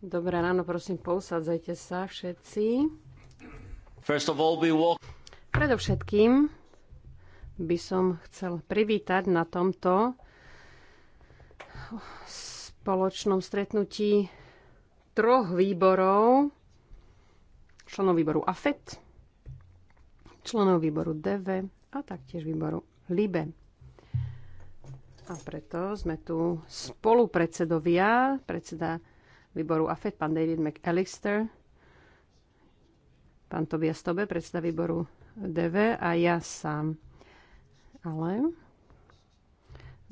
Dobré ráno, prosím, pousadzajte sa všetci. First of all, we walk... Predovšetkým by som chcel privítať na tomto spoločnom stretnutí troch výborov, členov výboru AFET, členov výboru DV a taktiež výboru LIBE. A preto sme tu spolupredsedovia, predseda výboru AFED, pán David McAllister, pán Tobias Tobe, predseda výboru DV a ja sám. Ale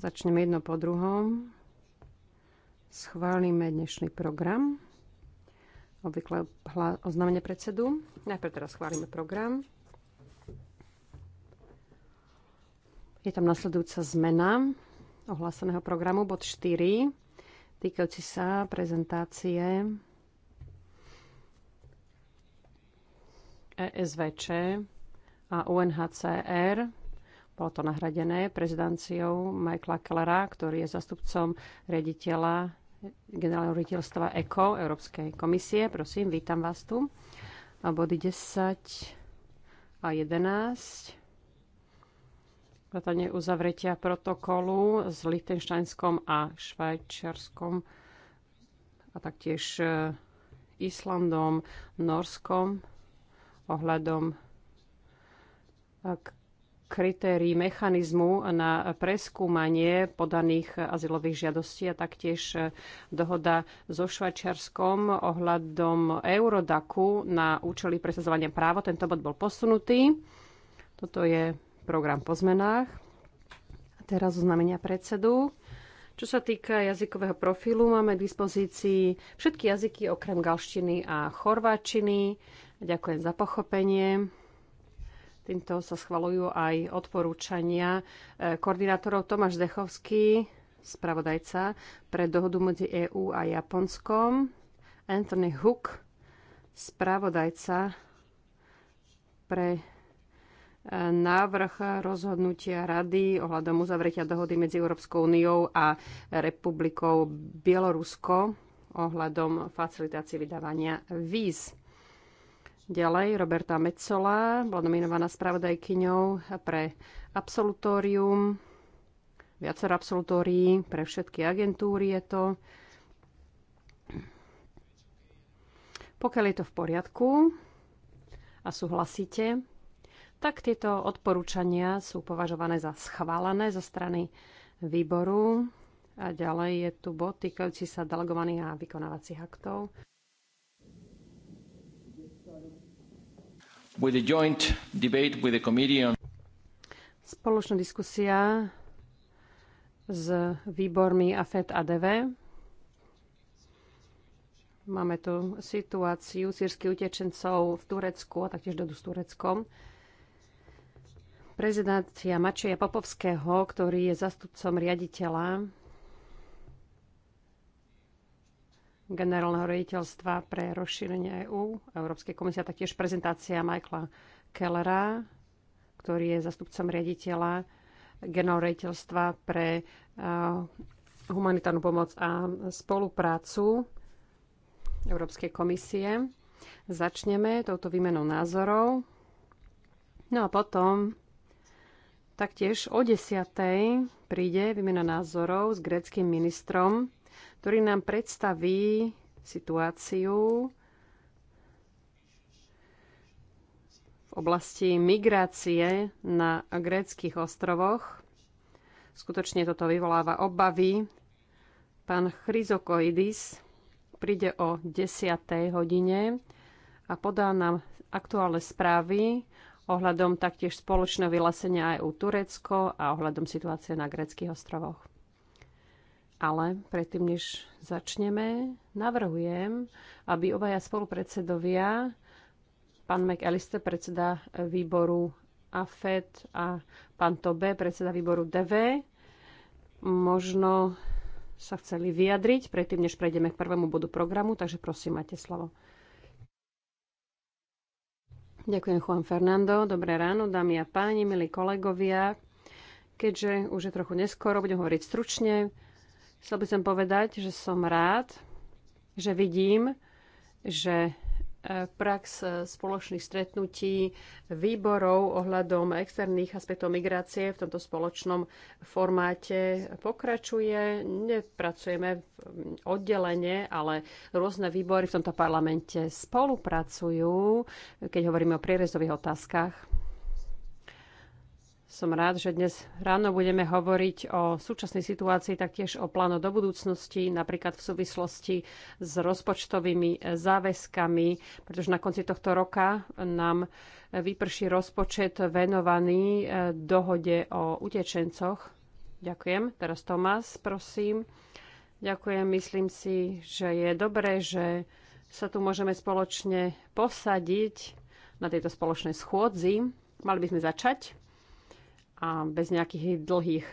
začneme jedno po druhom. Schválime dnešný program. Obvykle oznámenie predsedu. Najprv teraz schválime program. Je tam nasledujúca zmena ohláseného programu, bod 4, týkajúci sa prezentácie ESVČ a UNHCR. Bolo to nahradené prezidenciou Michaela Kellera, ktorý je zastupcom rediteľa generálneho riaditeľstva ECO, Európskej komisie. Prosím, vítam vás tu. A body 10 a 11 vrátane uzavretia protokolu s Lichtensteinskom a Švajčiarskom a taktiež e, Islandom, Norskom ohľadom e, kritérií mechanizmu na preskúmanie podaných azylových žiadostí a taktiež e, dohoda so Švajčiarskom ohľadom Eurodaku na účely presadzovania práva. Tento bod bol posunutý. Toto je program po zmenách. teraz oznamenia predsedu. Čo sa týka jazykového profilu, máme k dispozícii všetky jazyky okrem galštiny a chorváčiny. Ďakujem za pochopenie. Týmto sa schvalujú aj odporúčania eh, koordinátorov Tomáš Zdechovský, spravodajca pre dohodu medzi EÚ a Japonskom, Anthony Hook, spravodajca pre návrh rozhodnutia rady ohľadom uzavretia dohody medzi Európskou úniou a republikou Bielorusko ohľadom facilitácie vydávania víz. Ďalej Roberta Mecola bola nominovaná spravodajkyňou pre absolutórium, viacero absolutórií pre všetky agentúry je to. Pokiaľ je to v poriadku a súhlasíte, tak tieto odporúčania sú považované za schválené zo strany výboru. A ďalej je tu bod týkajúci sa delegovaných a vykonávacích aktov. With a joint debate with the committee on... Spoločná diskusia s výbormi AFET a DV. Máme tu situáciu sírskych utečencov v Turecku a taktiež dodu s Tureckom prezidencia Mačeja Popovského, ktorý je zastupcom riaditeľa generálneho riaditeľstva pre rozšírenie EÚ, Európskej a taktiež prezentácia Michaela Kellera, ktorý je zastupcom riaditeľa generálneho riaditeľstva pre humanitárnu pomoc a spoluprácu Európskej komisie. Začneme touto výmenou názorov. No a potom Taktiež o 10. príde výmena názorov s greckým ministrom, ktorý nám predstaví situáciu v oblasti migrácie na greckých ostrovoch. Skutočne toto vyvoláva obavy. Pán Chryzokoidis príde o 10. hodine a podá nám aktuálne správy ohľadom taktiež spoločného vyhlásenia EU Turecko a ohľadom situácie na greckých ostrovoch. Ale predtým, než začneme, navrhujem, aby obaja spolupredsedovia, pán McAllister, predseda výboru AFED a pán Tobe, predseda výboru DV, možno sa chceli vyjadriť predtým, než prejdeme k prvému bodu programu, takže prosím, máte slovo. Ďakujem Juan Fernando. Dobré ráno, dámy a páni, milí kolegovia. Keďže už je trochu neskoro, budem hovoriť stručne. Chcel by som povedať, že som rád, že vidím, že prax spoločných stretnutí výborov ohľadom externých aspektov migrácie v tomto spoločnom formáte pokračuje. Nepracujeme oddelenie, ale rôzne výbory v tomto parlamente spolupracujú, keď hovoríme o prierezových otázkach. Som rád, že dnes ráno budeme hovoriť o súčasnej situácii, taktiež o pláno do budúcnosti, napríklad v súvislosti s rozpočtovými záväzkami, pretože na konci tohto roka nám vyprší rozpočet venovaný eh, dohode o utečencoch. Ďakujem. Teraz Tomás, prosím. Ďakujem. Myslím si, že je dobré, že sa tu môžeme spoločne posadiť na tejto spoločnej schôdzi. Mali by sme začať a bez nejakých dlhých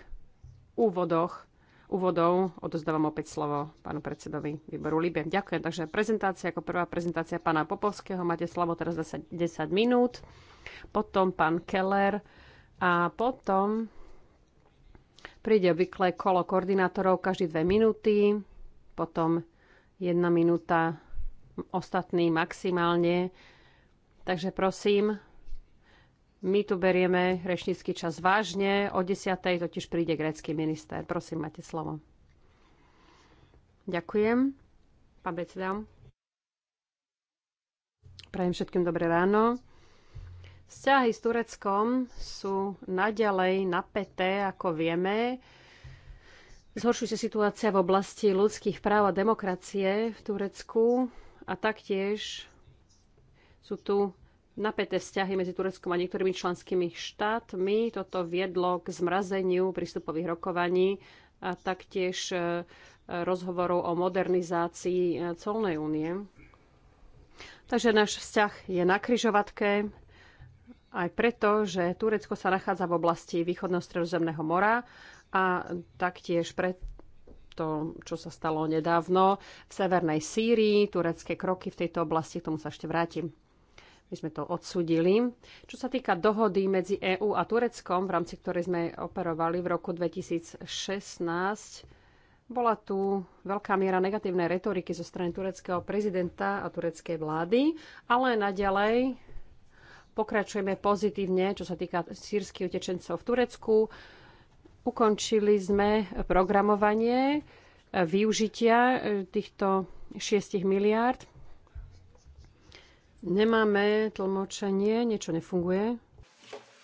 úvodoch, úvodov odozdávam opäť slovo pánu predsedovi výboru Libie. Ďakujem. Takže prezentácia ako prvá prezentácia pána Popovského. Máte slovo teraz 10, 10 minút. Potom pán Keller a potom príde obvykle kolo koordinátorov každé dve minúty, potom jedna minúta ostatný maximálne. Takže prosím, my tu berieme rečnícky čas vážne. O 10. totiž príde grécky minister. Prosím, máte slovo. Ďakujem. Pán predseda. Prajem všetkým dobré ráno. Vzťahy s Tureckom sú naďalej napäté, ako vieme. Zhoršuje sa situácia v oblasti ľudských práv a demokracie v Turecku a taktiež sú tu napäté vzťahy medzi Tureckom a niektorými členskými štátmi. Toto viedlo k zmrazeniu prístupových rokovaní a taktiež e, rozhovorov o modernizácii e, colnej únie. Takže náš vzťah je na kryžovatke, aj preto, že Turecko sa nachádza v oblasti východného stredozemného mora a taktiež to, čo sa stalo nedávno v severnej Sýrii, turecké kroky v tejto oblasti, k tomu sa ešte vrátim. My sme to odsudili. Čo sa týka dohody medzi EÚ a Tureckom, v rámci ktorej sme operovali v roku 2016, bola tu veľká miera negatívnej retoriky zo strany tureckého prezidenta a tureckej vlády, ale naďalej pokračujeme pozitívne, čo sa týka sírskych utečencov v Turecku. Ukončili sme programovanie využitia týchto 6 miliárd Nemáme tlmočenie, niečo nefunguje.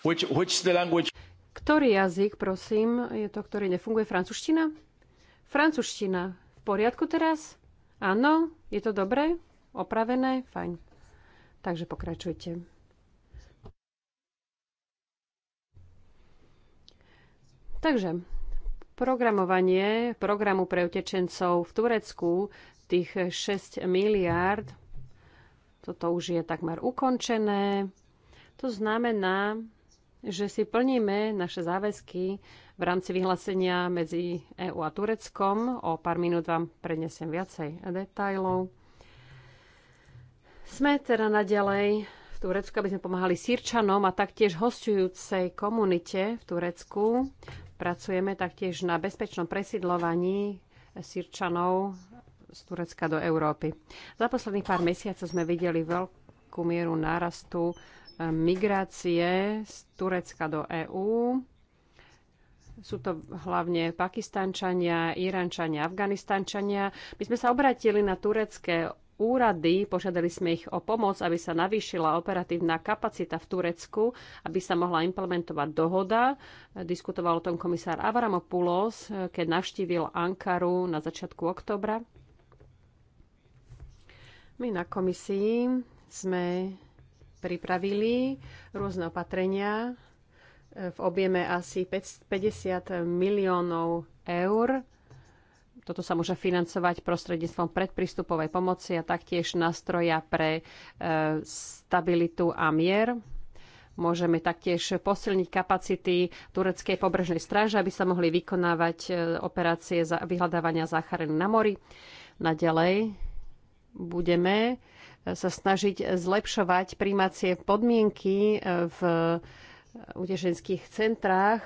Which, which the language? Ktorý jazyk, prosím, je to, ktorý nefunguje? Francúzština? Francúzština. V poriadku teraz? Áno, je to dobré? Opravené? Fajn. Takže pokračujte. Takže programovanie programu pre utečencov v Turecku, tých 6 miliárd toto už je takmer ukončené. To znamená, že si plníme naše záväzky v rámci vyhlásenia medzi EÚ a Tureckom. O pár minút vám prednesem viacej detajlov. Sme teda naďalej v Turecku, aby sme pomáhali sírčanom a taktiež hostujúcej komunite v Turecku. Pracujeme taktiež na bezpečnom presidlovaní sírčanov z Turecka do Európy. Za posledných pár mesiacov sme videli veľkú mieru nárastu eh, migrácie z Turecka do EÚ. Sú to hlavne Pakistančania, Irančania, Afganistančania. My sme sa obratili na turecké úrady, požiadali sme ich o pomoc, aby sa navýšila operatívna kapacita v Turecku, aby sa mohla implementovať dohoda. Diskutoval o tom komisár Avramopoulos, eh, keď navštívil Ankaru na začiatku oktobra. My na komisii sme pripravili rôzne opatrenia e, v objeme asi 50 miliónov eur. Toto sa môže financovať prostredníctvom predprístupovej pomoci a taktiež nástroja pre e, stabilitu a mier. Môžeme taktiež posilniť kapacity tureckej pobrežnej stráže, aby sa mohli vykonávať e, operácie vyhľadávania záchrany na mori. Naďalej budeme e, sa snažiť zlepšovať príjmacie podmienky e, v utešenských centrách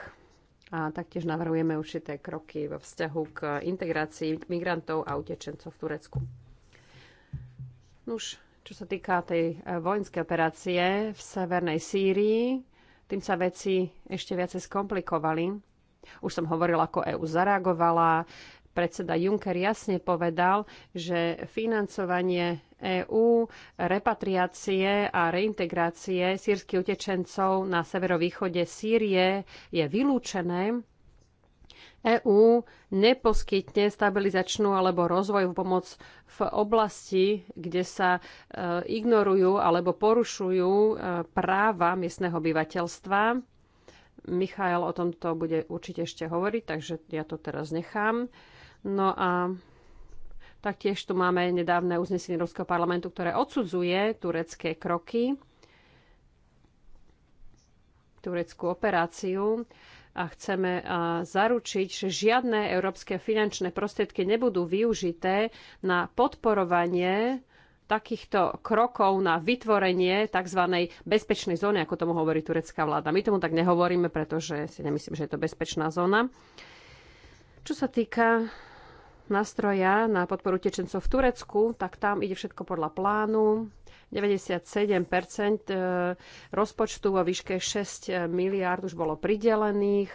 a taktiež navrhujeme určité kroky vo vzťahu k integrácii migrantov a utečencov v Turecku. Nuž, čo sa týka tej e, vojenskej operácie v severnej Sýrii, tým sa veci ešte viacej skomplikovali. Už som hovorila, ako EÚ zareagovala, predseda Juncker jasne povedal, že financovanie EÚ, repatriácie a reintegrácie sírskych utečencov na severovýchode Sýrie je vylúčené. EÚ neposkytne stabilizačnú alebo rozvojovú pomoc v oblasti, kde sa e, ignorujú alebo porušujú e, práva miestneho obyvateľstva. Michael o tomto bude určite ešte hovoriť, takže ja to teraz nechám. No a taktiež tu máme nedávne uznesenie Ruského parlamentu, ktoré odsudzuje turecké kroky, tureckú operáciu a chceme zaručiť, že žiadne európske finančné prostriedky nebudú využité na podporovanie takýchto krokov na vytvorenie tzv. bezpečnej zóny, ako tomu hovorí turecká vláda. My tomu tak nehovoríme, pretože si nemyslím, že je to bezpečná zóna. Čo sa týka nástroja na podporu tečencov v Turecku, tak tam ide všetko podľa plánu. 97 e, rozpočtu vo výške 6 miliárd už bolo pridelených.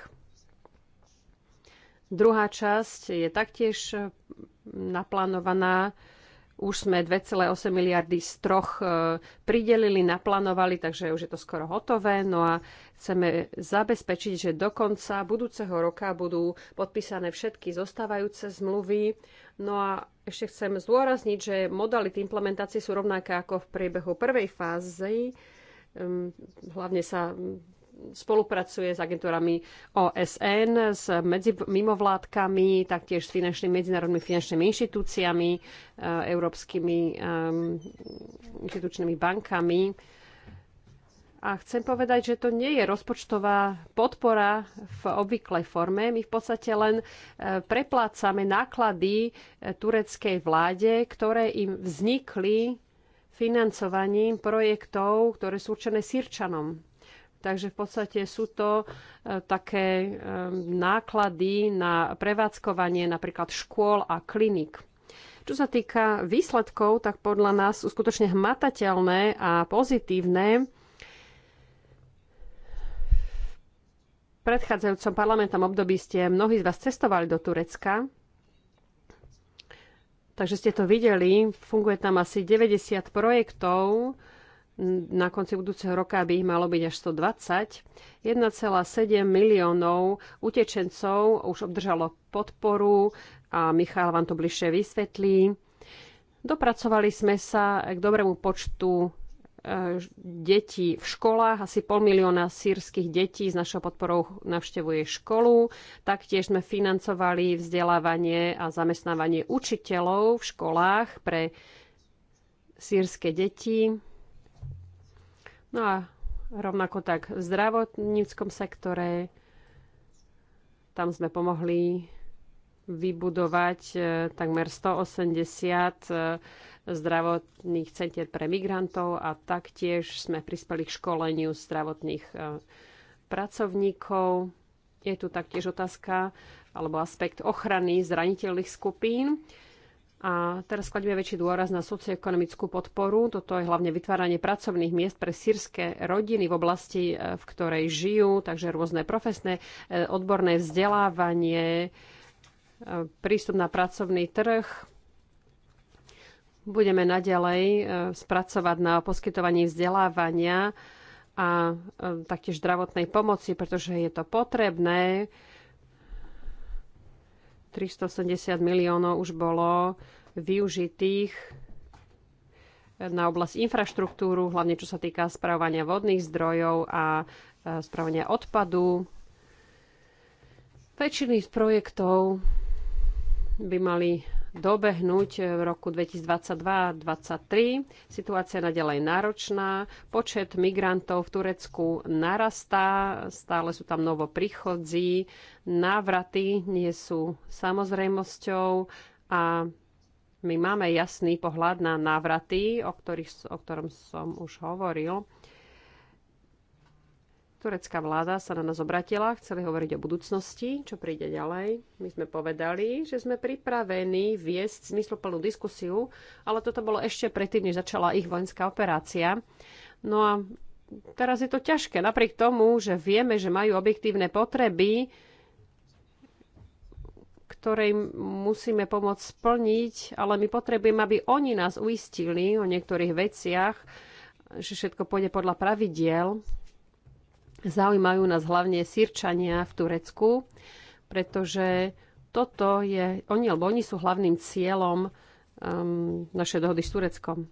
Druhá časť je taktiež naplánovaná už sme 2,8 miliardy z troch e, pridelili, naplánovali, takže už je to skoro hotové. No a chceme zabezpečiť, že do konca budúceho roka budú podpísané všetky zostávajúce zmluvy. No a ešte chcem zdôrazniť, že modality implementácie sú rovnaké ako v priebehu prvej fázy. Ehm, hlavne sa spolupracuje s agentúrami OSN, s medzi, mimovládkami, taktiež s finančnými, medzinárodnými finančnými inštitúciami, eh, európskymi um, eh, inštitúčnými bankami. A chcem povedať, že to nie je rozpočtová podpora v obvyklej forme. My v podstate len eh, preplácame náklady tureckej vláde, ktoré im vznikli financovaním projektov, ktoré sú určené sírčanom. Takže v podstate sú to e, také e, náklady na prevádzkovanie napríklad škôl a klinik. Čo sa týka výsledkov, tak podľa nás sú skutočne hmatateľné a pozitívne. V predchádzajúcom parlamentom období ste mnohí z vás cestovali do Turecka, takže ste to videli. Funguje tam asi 90 projektov, na konci budúceho roka by ich malo byť až 120. 1,7 miliónov utečencov už obdržalo podporu a Michal vám to bližšie vysvetlí. Dopracovali sme sa k dobrému počtu e, detí v školách. Asi pol milióna sírskych detí s našou podporou navštevuje školu. Taktiež sme financovali vzdelávanie a zamestnávanie učiteľov v školách pre sírske deti. No a rovnako tak v zdravotníckom sektore, tam sme pomohli vybudovať e, takmer 180 e, zdravotných centier pre migrantov a taktiež sme prispeli k školeniu zdravotných e, pracovníkov. Je tu taktiež otázka alebo aspekt ochrany zraniteľných skupín. A teraz skladíme väčší dôraz na socioekonomickú podporu. Toto je hlavne vytváranie pracovných miest pre sírske rodiny v oblasti, e, v ktorej žijú, takže rôzne profesné, e, odborné vzdelávanie, e, prístup na pracovný trh. Budeme naďalej spracovať na poskytovaní vzdelávania a taktiež zdravotnej pomoci, pretože je to potrebné 380 miliónov už bolo využitých na oblasť infraštruktúru, hlavne čo sa týka správania vodných zdrojov a e, správania odpadu. Väčšiny projektov by mali dobehnúť v roku 2022-2023. Situácia je naďalej náročná. Počet migrantov v Turecku narastá, stále sú tam novoprichodzí, návraty nie sú samozrejmosťou a my máme jasný pohľad na návraty, o, ktorých, o ktorom som už hovoril. Turecká vláda sa na nás obratila, chceli hovoriť o budúcnosti, čo príde ďalej. My sme povedali, že sme pripravení viesť zmysluplnú diskusiu, ale toto bolo ešte predtým, než začala ich vojenská operácia. No a teraz je to ťažké, napriek tomu, že vieme, že majú objektívne potreby, ktoré musíme pomôcť splniť, ale my potrebujeme, aby oni nás uistili o niektorých veciach, že všetko pôjde podľa pravidiel, Zaujímajú nás hlavne sírčania v Turecku, pretože toto je, oni, alebo oni sú hlavným cieľom um, našej dohody s Tureckom.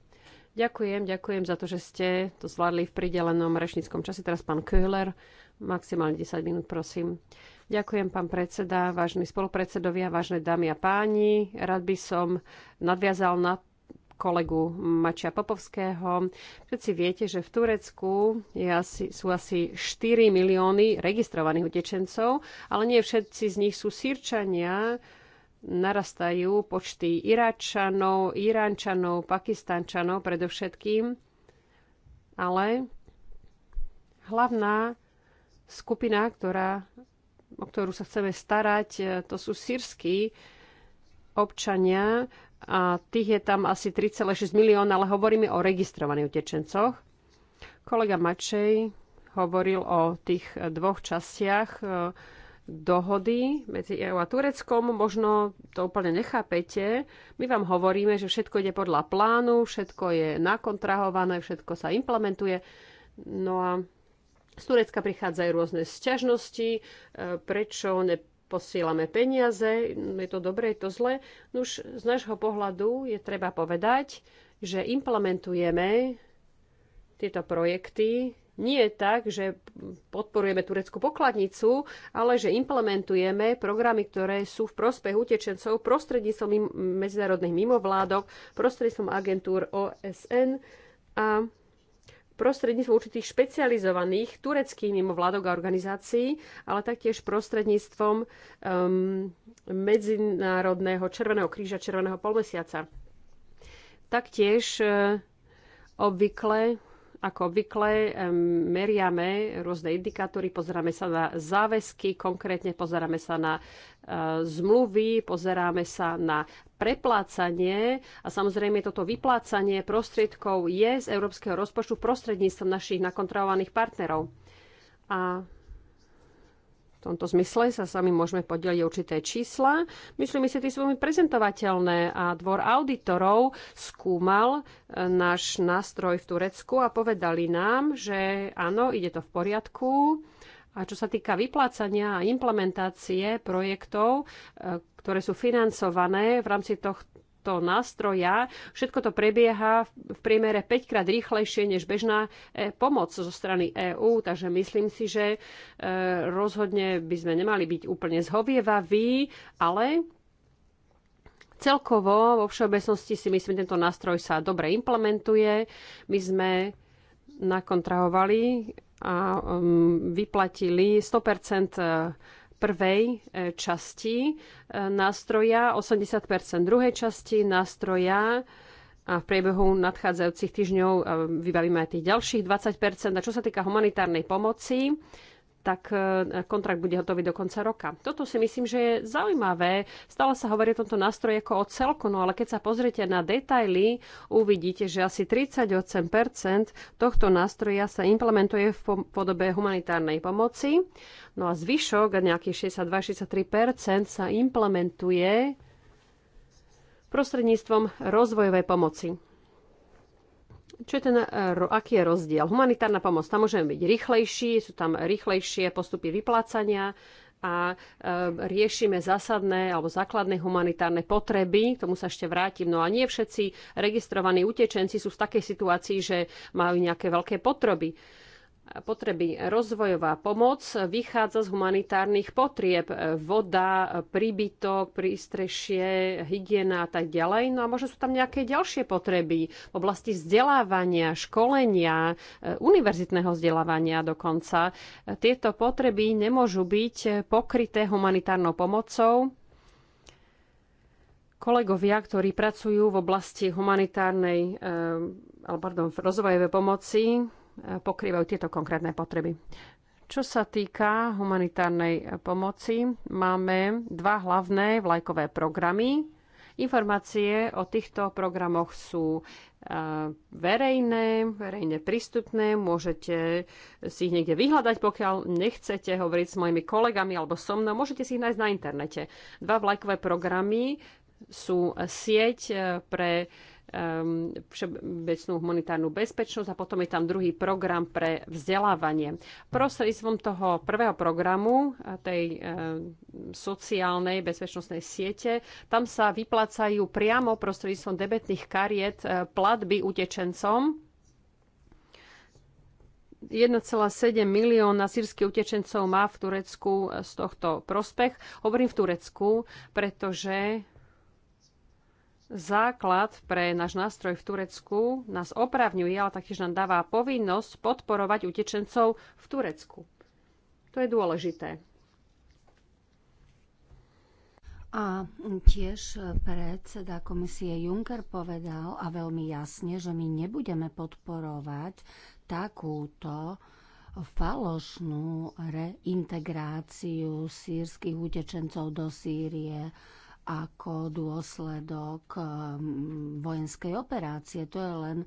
Ďakujem, ďakujem za to, že ste to zvládli v pridelenom rečníckom čase. Teraz pán Köhler, maximálne 10 minút, prosím. Ďakujem, pán predseda, vážni spolupredsedovia, vážne dámy a páni. Rád by som nadviazal na kolegu Mača Popovského. Všetci viete, že v Turecku je asi, sú asi 4 milióny registrovaných utečencov, ale nie všetci z nich sú sírčania. Narastajú počty Iračanov, Iránčanov, Pakistančanov predovšetkým. Ale hlavná skupina, ktorá, o ktorú sa chceme starať, to sú sírsky občania, a tých je tam asi 3,6 milióna, ale hovoríme o registrovaných utečencoch. Kolega Mačej hovoril o tých dvoch častiach e, dohody medzi EU a Tureckom. Možno to úplne nechápete. My vám hovoríme, že všetko ide podľa plánu, všetko je nakontrahované, všetko sa implementuje. No a z Turecka prichádzajú rôzne sťažnosti, e, prečo ne posielame peniaze, je to dobré, je to zlé. No Už z nášho pohľadu je treba povedať, že implementujeme tieto projekty nie tak, že podporujeme tureckú pokladnicu, ale že implementujeme programy, ktoré sú v prospech utečencov prostredníctvom medzinárodných mimovládok, prostredníctvom agentúr OSN a prostredníctvom určitých špecializovaných tureckých mimovládok a organizácií, ale taktiež prostredníctvom um, Medzinárodného Červeného kríža Červeného polmesiaca. Taktiež uh, obvykle ako obvykle meriame rôzne indikátory, pozeráme sa na záväzky, konkrétne pozeráme sa na e, zmluvy, pozeráme sa na preplácanie a samozrejme toto vyplácanie prostriedkov je z európskeho rozpočtu prostredníctvom našich nakontrolovaných partnerov. A v tomto zmysle sa sami môžeme podeliť určité čísla. Myslím si, že sú veľmi prezentovateľné a dvor auditorov skúmal e, náš nástroj v Turecku a povedali nám, že áno, ide to v poriadku. A čo sa týka vyplácania a implementácie projektov, e, ktoré sú financované v rámci tohto tohto nástroja. Všetko to prebieha v priemere 5 krát rýchlejšie než bežná e, pomoc zo strany EÚ, takže myslím si, že e, rozhodne by sme nemali byť úplne zhovievaví, ale celkovo vo všeobecnosti si myslím, že tento nástroj sa dobre implementuje. My sme nakontrahovali a um, vyplatili 100 prvej e, časti e, nástroja, 80 druhej časti nástroja a v priebehu nadchádzajúcich týždňov e, vybavíme aj tých ďalších 20 A čo sa týka humanitárnej pomoci, tak e, kontrakt bude hotový do konca roka. Toto si myslím, že je zaujímavé. Stále sa hovorí o tomto nástroji ako o celku, no ale keď sa pozriete na detaily, uvidíte, že asi 38% tohto nástroja sa implementuje v podobe humanitárnej pomoci. No a zvyšok, nejakých 62-63% sa implementuje prostredníctvom rozvojovej pomoci. Čo je ten, e, aký je rozdiel? Humanitárna pomoc, tam môžeme byť rýchlejší, sú tam rýchlejšie postupy vyplácania a e, riešime zásadné alebo základné humanitárne potreby, k tomu sa ešte vrátim. No a nie všetci registrovaní utečenci sú v takej situácii, že majú nejaké veľké potreby potreby. Rozvojová pomoc vychádza z humanitárnych potrieb. Voda, príbytok, prístrešie, hygiena a tak ďalej. No a možno sú tam nejaké ďalšie potreby v oblasti vzdelávania, školenia, eh, univerzitného vzdelávania dokonca. Tieto potreby nemôžu byť pokryté humanitárnou pomocou. Kolegovia, ktorí pracujú v oblasti humanitárnej, eh, alebo pardon, rozvojovej pomoci, pokrývajú tieto konkrétne potreby. Čo sa týka humanitárnej pomoci, máme dva hlavné vlajkové programy. Informácie o týchto programoch sú e, verejné, verejne prístupné, môžete si ich niekde vyhľadať, pokiaľ nechcete hovoriť s mojimi kolegami alebo so mnou, môžete si ich nájsť na internete. Dva vlajkové programy sú sieť e, pre Um, všeobecnú humanitárnu bezpečnosť a potom je tam druhý program pre vzdelávanie. Prostredníctvom toho prvého programu, tej um, sociálnej bezpečnostnej siete, tam sa vyplácajú priamo prostredníctvom debetných kariet uh, platby utečencom 1,7 milióna sírskych utečencov má v Turecku uh, z tohto prospech. Hovorím v Turecku, pretože základ pre náš nástroj v Turecku nás opravňuje, ale taktiež nám dáva povinnosť podporovať utečencov v Turecku. To je dôležité. A tiež predseda komisie Juncker povedal a veľmi jasne, že my nebudeme podporovať takúto falošnú reintegráciu sírskych utečencov do Sýrie ako dôsledok eh, vojenskej operácie. To je len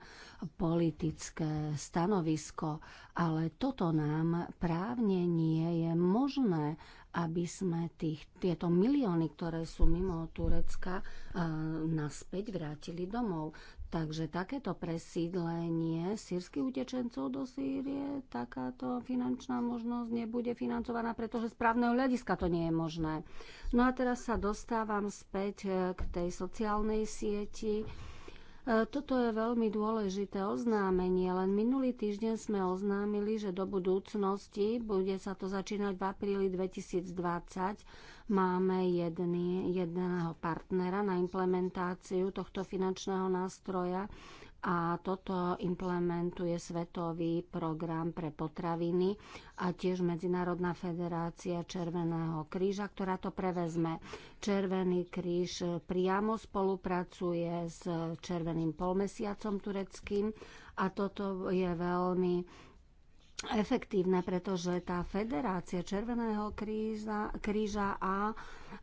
politické stanovisko, ale toto nám právne nie je možné, aby sme tých, tieto milióny, ktoré sú mimo Turecka, eh, naspäť vrátili domov. Takže takéto presídlenie sírskych utečencov do Sýrie, takáto finančná možnosť nebude financovaná, pretože z právneho hľadiska to nie je možné. No a teraz sa dostávam späť eh, k tej sociálnej sieti E, toto je veľmi dôležité oznámenie. Len minulý týždeň sme oznámili, že do budúcnosti, bude sa to začínať v apríli 2020, máme jedný, jedného partnera na implementáciu tohto finančného nástroja a toto implementuje Svetový program pre potraviny a tiež Medzinárodná federácia Červeného kríža, ktorá to prevezme. Červený kríž priamo spolupracuje s Červeným polmesiacom tureckým a toto je veľmi efektívne, pretože tá federácia Červeného kríža, kríža a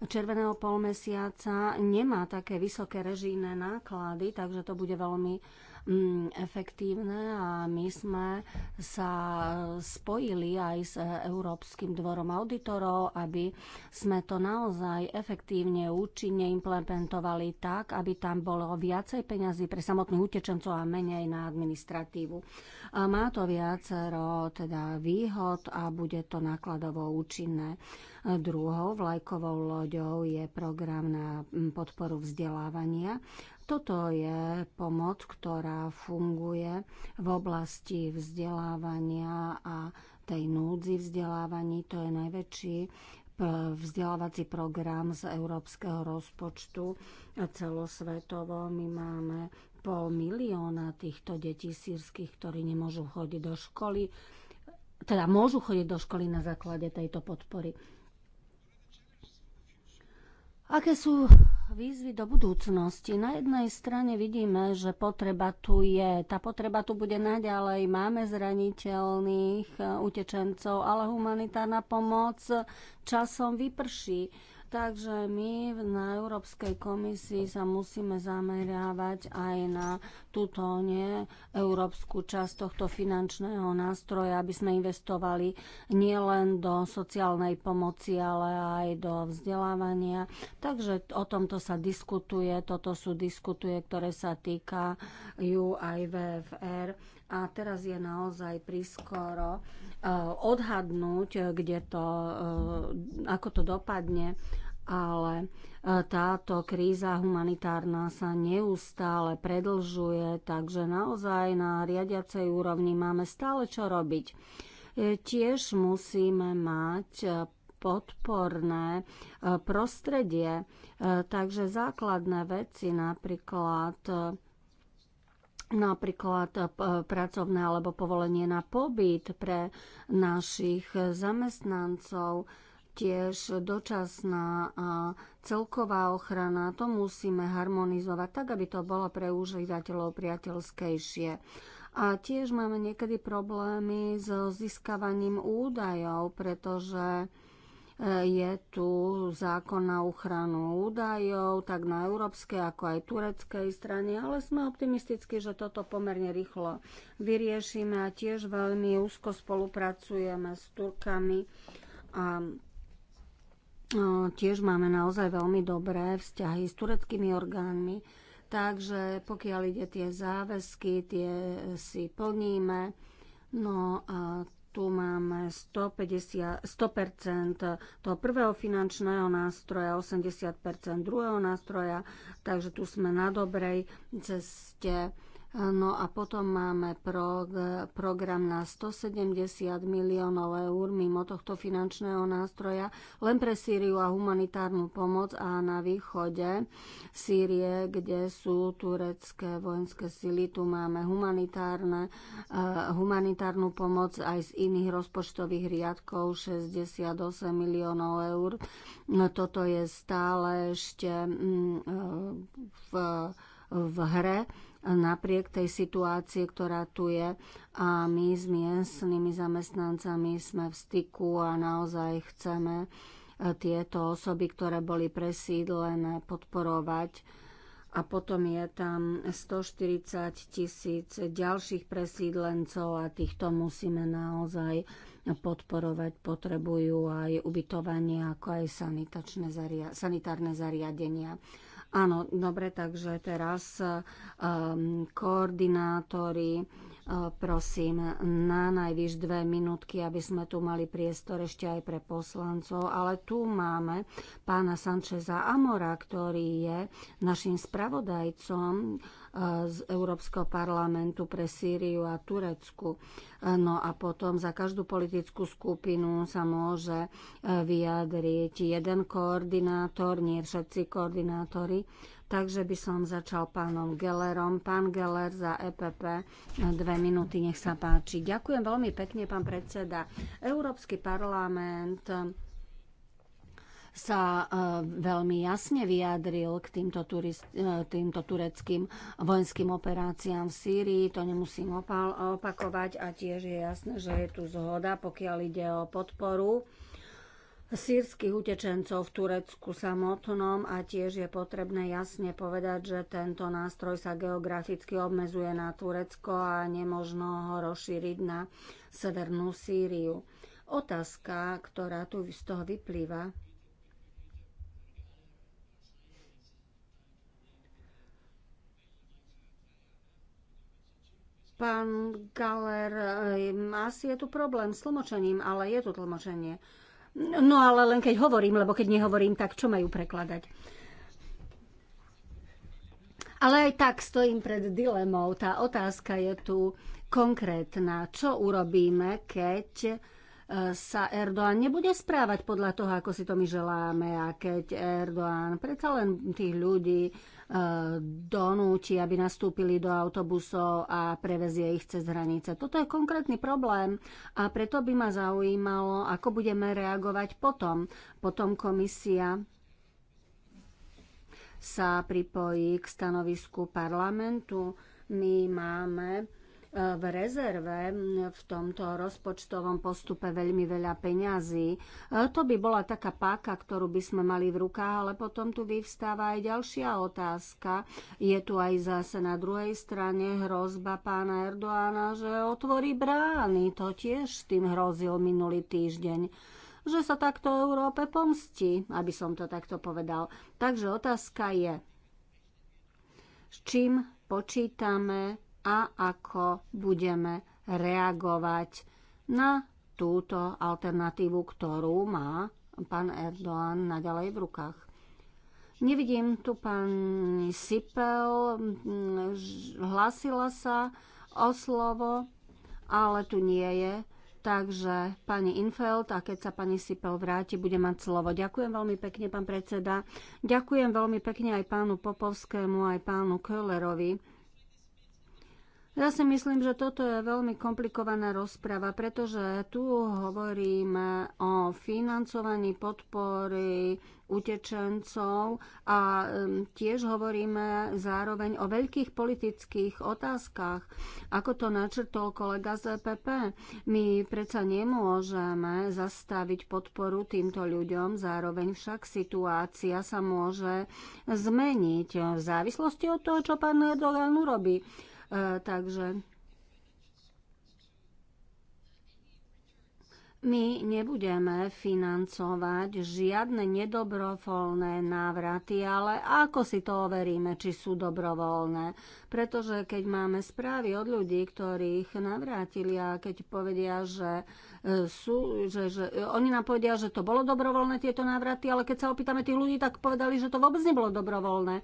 Červeného polmesiaca nemá také vysoké režijné náklady, takže to bude veľmi Mm, efektívne a my sme sa e, spojili aj s Európskym dvorom auditorov, aby sme to naozaj efektívne, účinne implementovali tak, aby tam bolo viacej peňazí pre samotných utečencov a menej na administratívu. A má to viacero teda výhod a bude to nákladovo účinné. Druhou vlajkovou loďou je program na podporu vzdelávania toto je pomoc, ktorá funguje v oblasti vzdelávania a tej núdzi vzdelávaní. To je najväčší vzdelávací program z európskeho rozpočtu celosvetovo. My máme pol milióna týchto detí sírskych, ktorí nemôžu chodiť do školy, teda môžu chodiť do školy na základe tejto podpory. Aké sú výzvy do budúcnosti? Na jednej strane vidíme, že potreba tu je. Tá potreba tu bude naďalej. Máme zraniteľných uh, utečencov, ale humanitárna pomoc časom vyprší Takže my na Európskej komisii sa musíme zameriavať aj na túto nie európsku časť tohto finančného nástroja, aby sme investovali nielen do sociálnej pomoci, ale aj do vzdelávania. Takže o tomto sa diskutuje, toto sú diskutuje, ktoré sa týkajú aj VFR a teraz je naozaj prískoro eh, odhadnúť, kde to, eh, ako to dopadne ale e, táto kríza humanitárna sa neustále predlžuje, takže naozaj na riadiacej úrovni máme stále čo robiť. E, tiež musíme mať e, podporné prostredie, takže základné veci napríklad napríklad pracovné alebo povolenie na pobyt pre našich zamestnancov, tiež dočasná a celková ochrana. To musíme harmonizovať tak, aby to bolo pre užívateľov priateľskejšie. A tiež máme niekedy problémy so získavaním údajov, pretože e, je tu zákon na ochranu údajov, tak na európskej ako aj tureckej strane, ale sme optimistickí, že toto pomerne rýchlo vyriešime a tiež veľmi úzko spolupracujeme s Turkami a tiež máme naozaj veľmi dobré vzťahy s tureckými orgánmi, takže pokiaľ ide tie záväzky, tie si plníme. No a tu máme 150, 100% toho prvého finančného nástroja, 80% druhého nástroja, takže tu sme na dobrej ceste No a potom máme prog- program na 170 miliónov eur mimo tohto finančného nástroja len pre Sýriu a humanitárnu pomoc a na východe Sýrie, kde sú turecké vojenské sily, tu máme humanitárne, uh, humanitárnu pomoc aj z iných rozpočtových riadkov 68 miliónov eur. No, toto je stále ešte mm, eh, v, v hre napriek tej situácii, ktorá tu je. A my s miestnymi zamestnancami sme v styku a naozaj chceme e, tieto osoby, ktoré boli presídlené, podporovať a potom je tam 140 tisíc ďalších presídlencov a týchto musíme naozaj podporovať. Potrebujú aj ubytovanie, ako aj sanitačné sanitárne zariadenia. Áno, dobre, takže teraz um, koordinátori Eh, prosím, na najvyš dve minútky, aby sme tu mali priestor ešte aj pre poslancov, ale tu máme pána Sančeza Amora, ktorý je našim spravodajcom eh, z Európskeho parlamentu pre Sýriu a Turecku. Eh, no a potom za každú politickú skupinu sa môže vyjadriť jeden koordinátor, nie všetci koordinátori. Takže by som začal pánom Gellerom. Pán Geller za EPP, eh, dve minúty, nech sa páči. Ďakujem veľmi pekne, pán predseda. Európsky parlament eh, sa eh, veľmi jasne vyjadril k týmto, turist, týmto tureckým vojenským operáciám v Sýrii. To nemusím opakovať a tiež je jasné, že je tu zhoda, pokiaľ ide o podporu sírskych utečencov v Turecku samotnom a tiež je potrebné jasne povedať, že tento nástroj sa geograficky obmezuje na Turecko a nemožno ho rozšíriť na severnú Sýriu. Otázka, ktorá tu z toho vyplýva, Pán Galer, e, asi je tu problém s tlmočením, ale je tu tlmočenie. No ale len keď hovorím, lebo keď nehovorím, tak čo majú prekladať? Ale aj tak stojím pred dilemou. Tá otázka je tu konkrétna. Čo urobíme, keď sa Erdoğan nebude správať podľa toho, ako si to my želáme a keď Erdoğan predsa len tých ľudí e, donúti, aby nastúpili do autobusov a prevezie ich cez hranice. Toto je konkrétny problém a preto by ma zaujímalo, ako budeme reagovať potom. Potom komisia sa pripojí k stanovisku parlamentu. My máme v rezerve v tomto rozpočtovom postupe veľmi veľa peňazí. E, to by bola taká páka, ktorú by sme mali v rukách, ale potom tu vyvstáva aj ďalšia otázka. Je tu aj zase na druhej strane hrozba pána Erdoána, že otvorí brány. To tiež tým hrozil minulý týždeň že sa takto Európe pomstí, aby som to takto povedal. Takže otázka je, s čím počítame a ako budeme reagovať na túto alternatívu, ktorú má pán Erdoğan naďalej v rukách. Nevidím tu pani Sipel, mm, hlasila sa o slovo, ale tu nie je. Takže pani Infeld a keď sa pani Sipel vráti, bude mať slovo. Ďakujem veľmi pekne, pán predseda. Ďakujem veľmi pekne aj pánu Popovskému, aj pánu Köhlerovi ja si myslím, že toto je veľmi komplikovaná rozprava, pretože tu hovoríme o financovaní podpory utečencov a tiež hovoríme zároveň o veľkých politických otázkach, ako to načrtol kolega z EPP. My predsa nemôžeme zastaviť podporu týmto ľuďom, zároveň však situácia sa môže zmeniť v závislosti od toho, čo pán Erdogan urobí. E, takže My nebudeme financovať žiadne nedobrovoľné návraty, ale ako si to overíme, či sú dobrovoľné? Pretože keď máme správy od ľudí, ktorých navrátili a keď povedia, že, e, sú, že, že e, oni nám povedia, že to bolo dobrovoľné tieto návraty, ale keď sa opýtame tých ľudí, tak povedali, že to vôbec nebolo dobrovoľné. E,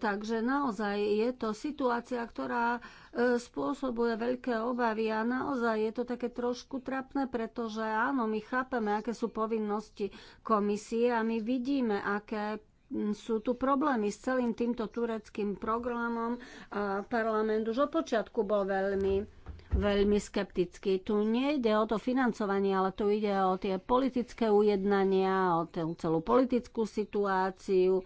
takže naozaj je to situácia, ktorá E, spôsobuje veľké obavy a naozaj je to také trošku trapné, pretože áno, my chápeme, aké sú povinnosti komisie a my vidíme, aké sú tu problémy s celým týmto tureckým programom a e, parlament už od počiatku bol veľmi veľmi skeptický. Tu nejde o to financovanie, ale tu ide o tie politické ujednania, o tú celú politickú situáciu,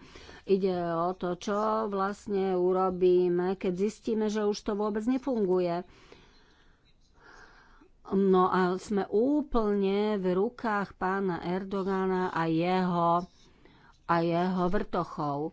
Ide o to, čo vlastne urobíme, keď zistíme, že už to vôbec nefunguje. No a sme úplne v rukách pána Erdogana a jeho, a jeho vrtochov. E,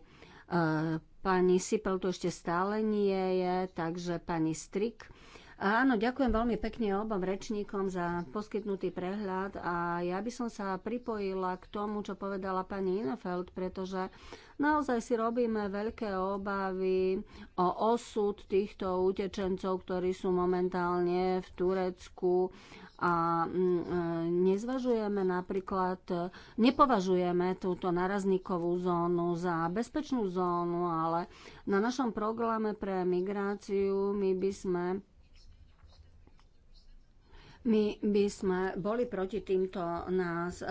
pani Sipel tu ešte stále nie je, takže pani Strik Áno, ďakujem veľmi pekne obom rečníkom za poskytnutý prehľad a ja by som sa pripojila k tomu, čo povedala pani Inefeld, pretože naozaj si robíme veľké obavy o osud týchto utečencov, ktorí sú momentálne v Turecku a mm, e, nezvažujeme napríklad, nepovažujeme túto narazníkovú zónu za bezpečnú zónu, ale na našom programe pre migráciu my by sme my by sme boli proti týmto nás, e, e,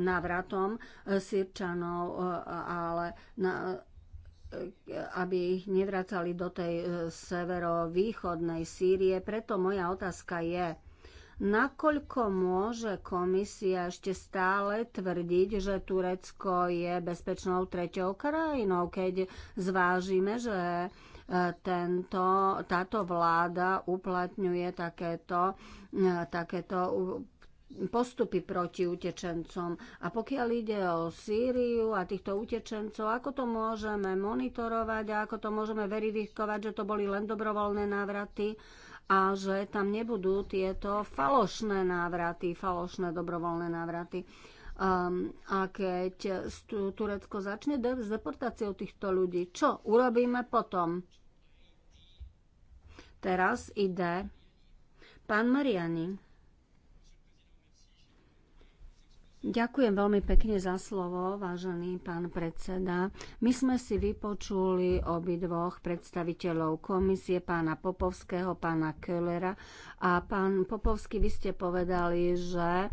návratom e, Sirčanov, ale na, aby ich nevracali do tej severovýchodnej Sýrie. Preto moja otázka je, nakoľko môže komisia ešte stále tvrdiť, že Turecko je bezpečnou treťou krajinou, keď zvážime, že E, tento, táto vláda uplatňuje takéto, e, takéto postupy proti utečencom. A pokiaľ ide o Sýriu a týchto utečencov, ako to môžeme monitorovať a ako to môžeme verifikovať, že to boli len dobrovoľné návraty a že tam nebudú tieto falošné návraty, falošné dobrovoľné návraty a keď Turecko začne s deportáciou týchto ľudí, čo urobíme potom? Teraz ide pán Mariani. Ďakujem veľmi pekne za slovo, vážený pán predseda. My sme si vypočuli obidvoch predstaviteľov komisie, pána Popovského, pána Kellera. A pán Popovský, vy ste povedali, že eh,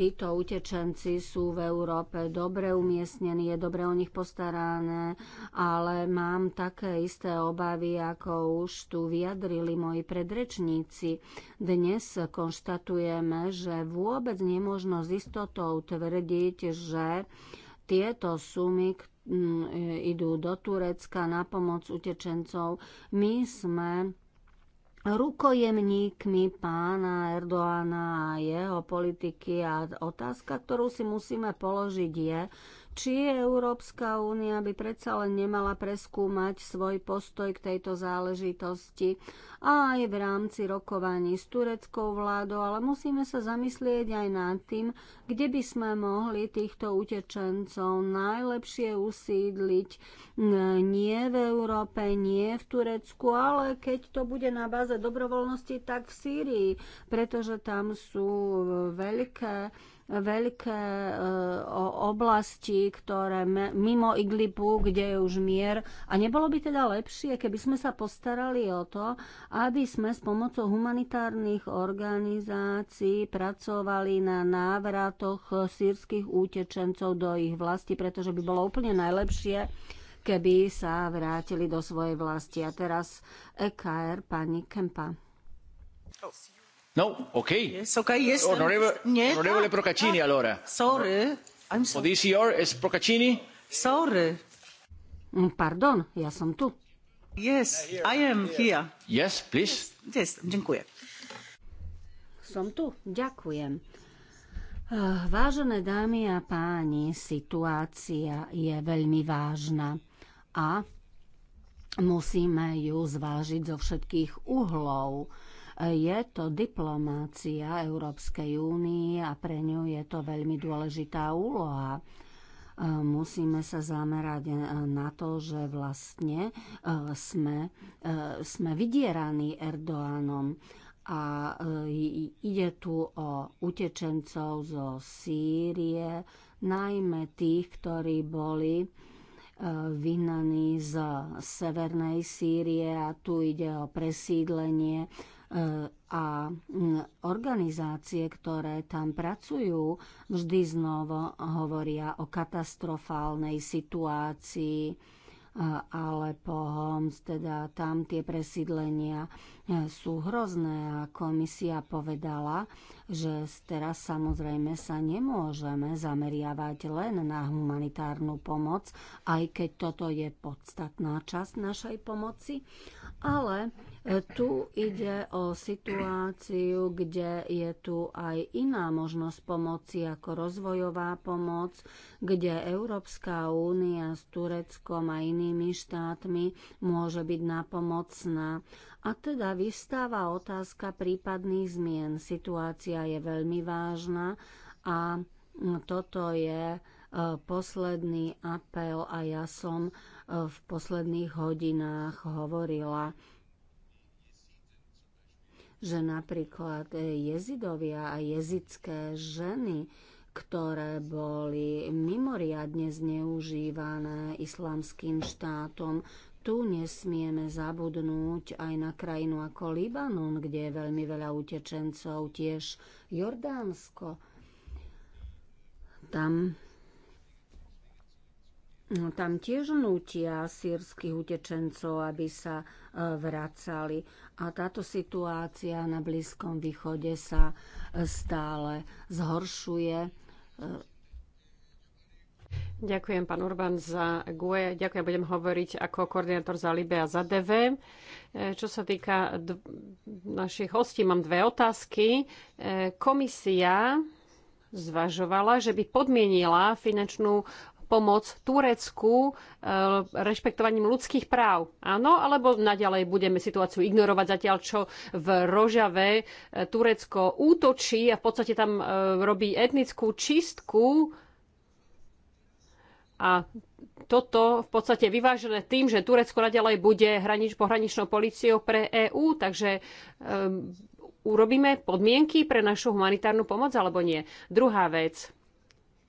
títo utečenci sú v Európe dobre umiestnení, je dobre o nich postarané, ale mám také isté obavy, ako už tu vyjadrili moji predrečníci. Dnes konštatujeme, že vôbec nemôžno s istotou tvrdiť, že tieto sumy, mm, idú do Turecka na pomoc utečencov. My sme rukojemníkmi pána Erdoána a jeho politiky a otázka, ktorú si musíme položiť je, či Európska únia by predsa len nemala preskúmať svoj postoj k tejto záležitosti aj v rámci rokovaní s tureckou vládou, ale musíme sa zamyslieť aj nad tým, kde by sme mohli týchto utečencov najlepšie usídliť nie v Európe, nie v Turecku, ale keď to bude na báze dobrovoľnosti, tak v Sýrii, pretože tam sú veľké veľké e, oblasti, ktoré mimo Iglipu, kde je už mier. A nebolo by teda lepšie, keby sme sa postarali o to, aby sme s pomocou humanitárnych organizácií pracovali na návratoch sírskych útečencov do ich vlasti, pretože by bolo úplne najlepšie, keby sa vrátili do svojej vlasti. A teraz EKR, pani Kempa. Oh. No, okay. Yes, okay, yes. No. Procaccini, ah, allora. Sorry, I'm sorry. this year is Procaccini? Sorry. Pardon, ja som tu. Yes, I am here. Yes, please. Yes, yes dziękuję. Som tu, ďakujem. Ah, vážené dámy a páni, situácia je veľmi vážna a musíme ju zvážiť zo všetkých uhlov je to diplomácia Európskej únie a pre ňu je to veľmi dôležitá úloha e, musíme sa zamerať e, na to, že vlastne e, sme, sme vydieraní Erdoánom a ide tu o utečencov zo Sýrie, najmä tých, ktorí boli vyhnaní z severnej Sýrie a tu ide o presídlenie Eh, a mm, organizácie, ktoré tam pracujú, vždy znovu hovoria o katastrofálnej situácii po eh, Homs, teda tam tie presídlenia eh, sú hrozné a komisia povedala, že teraz samozrejme sa nemôžeme zameriavať len na humanitárnu pomoc, aj keď toto je podstatná časť našej pomoci, ale e, tu ide o situáciu, kde je tu aj iná možnosť pomoci ako rozvojová pomoc, kde Európska únia s Tureckom a inými štátmi môže byť napomocná. A teda vystáva otázka prípadných zmien. Situácia je veľmi vážna a toto je e, posledný apel a ja som v posledných hodinách hovorila, že napríklad jezidovia a jezické ženy, ktoré boli mimoriadne zneužívané islamským štátom, tu nesmieme zabudnúť aj na krajinu ako Libanon, kde je veľmi veľa utečencov, tiež Jordánsko. Tam No, tam tiež nutia sírskych utečencov, aby sa e, vracali. A táto situácia na Blízkom východe sa e, stále zhoršuje. E, Ďakujem, pán Urban, za GUE. Ďakujem, budem hovoriť ako koordinátor za LIBE a za DV. Čo sa týka našich hostí, mám dve otázky. Komisia zvažovala, že by podmienila finančnú pomoc Turecku e, rešpektovaním ľudských práv. Áno, alebo naďalej budeme situáciu ignorovať zatiaľ, čo v Rožave e, Turecko útočí a v podstate tam e, robí etnickú čistku a toto v podstate vyvážené tým, že Turecko naďalej bude hranič, pohraničnou políciou pre EÚ, takže um, urobíme podmienky pre našu humanitárnu pomoc alebo nie. Druhá vec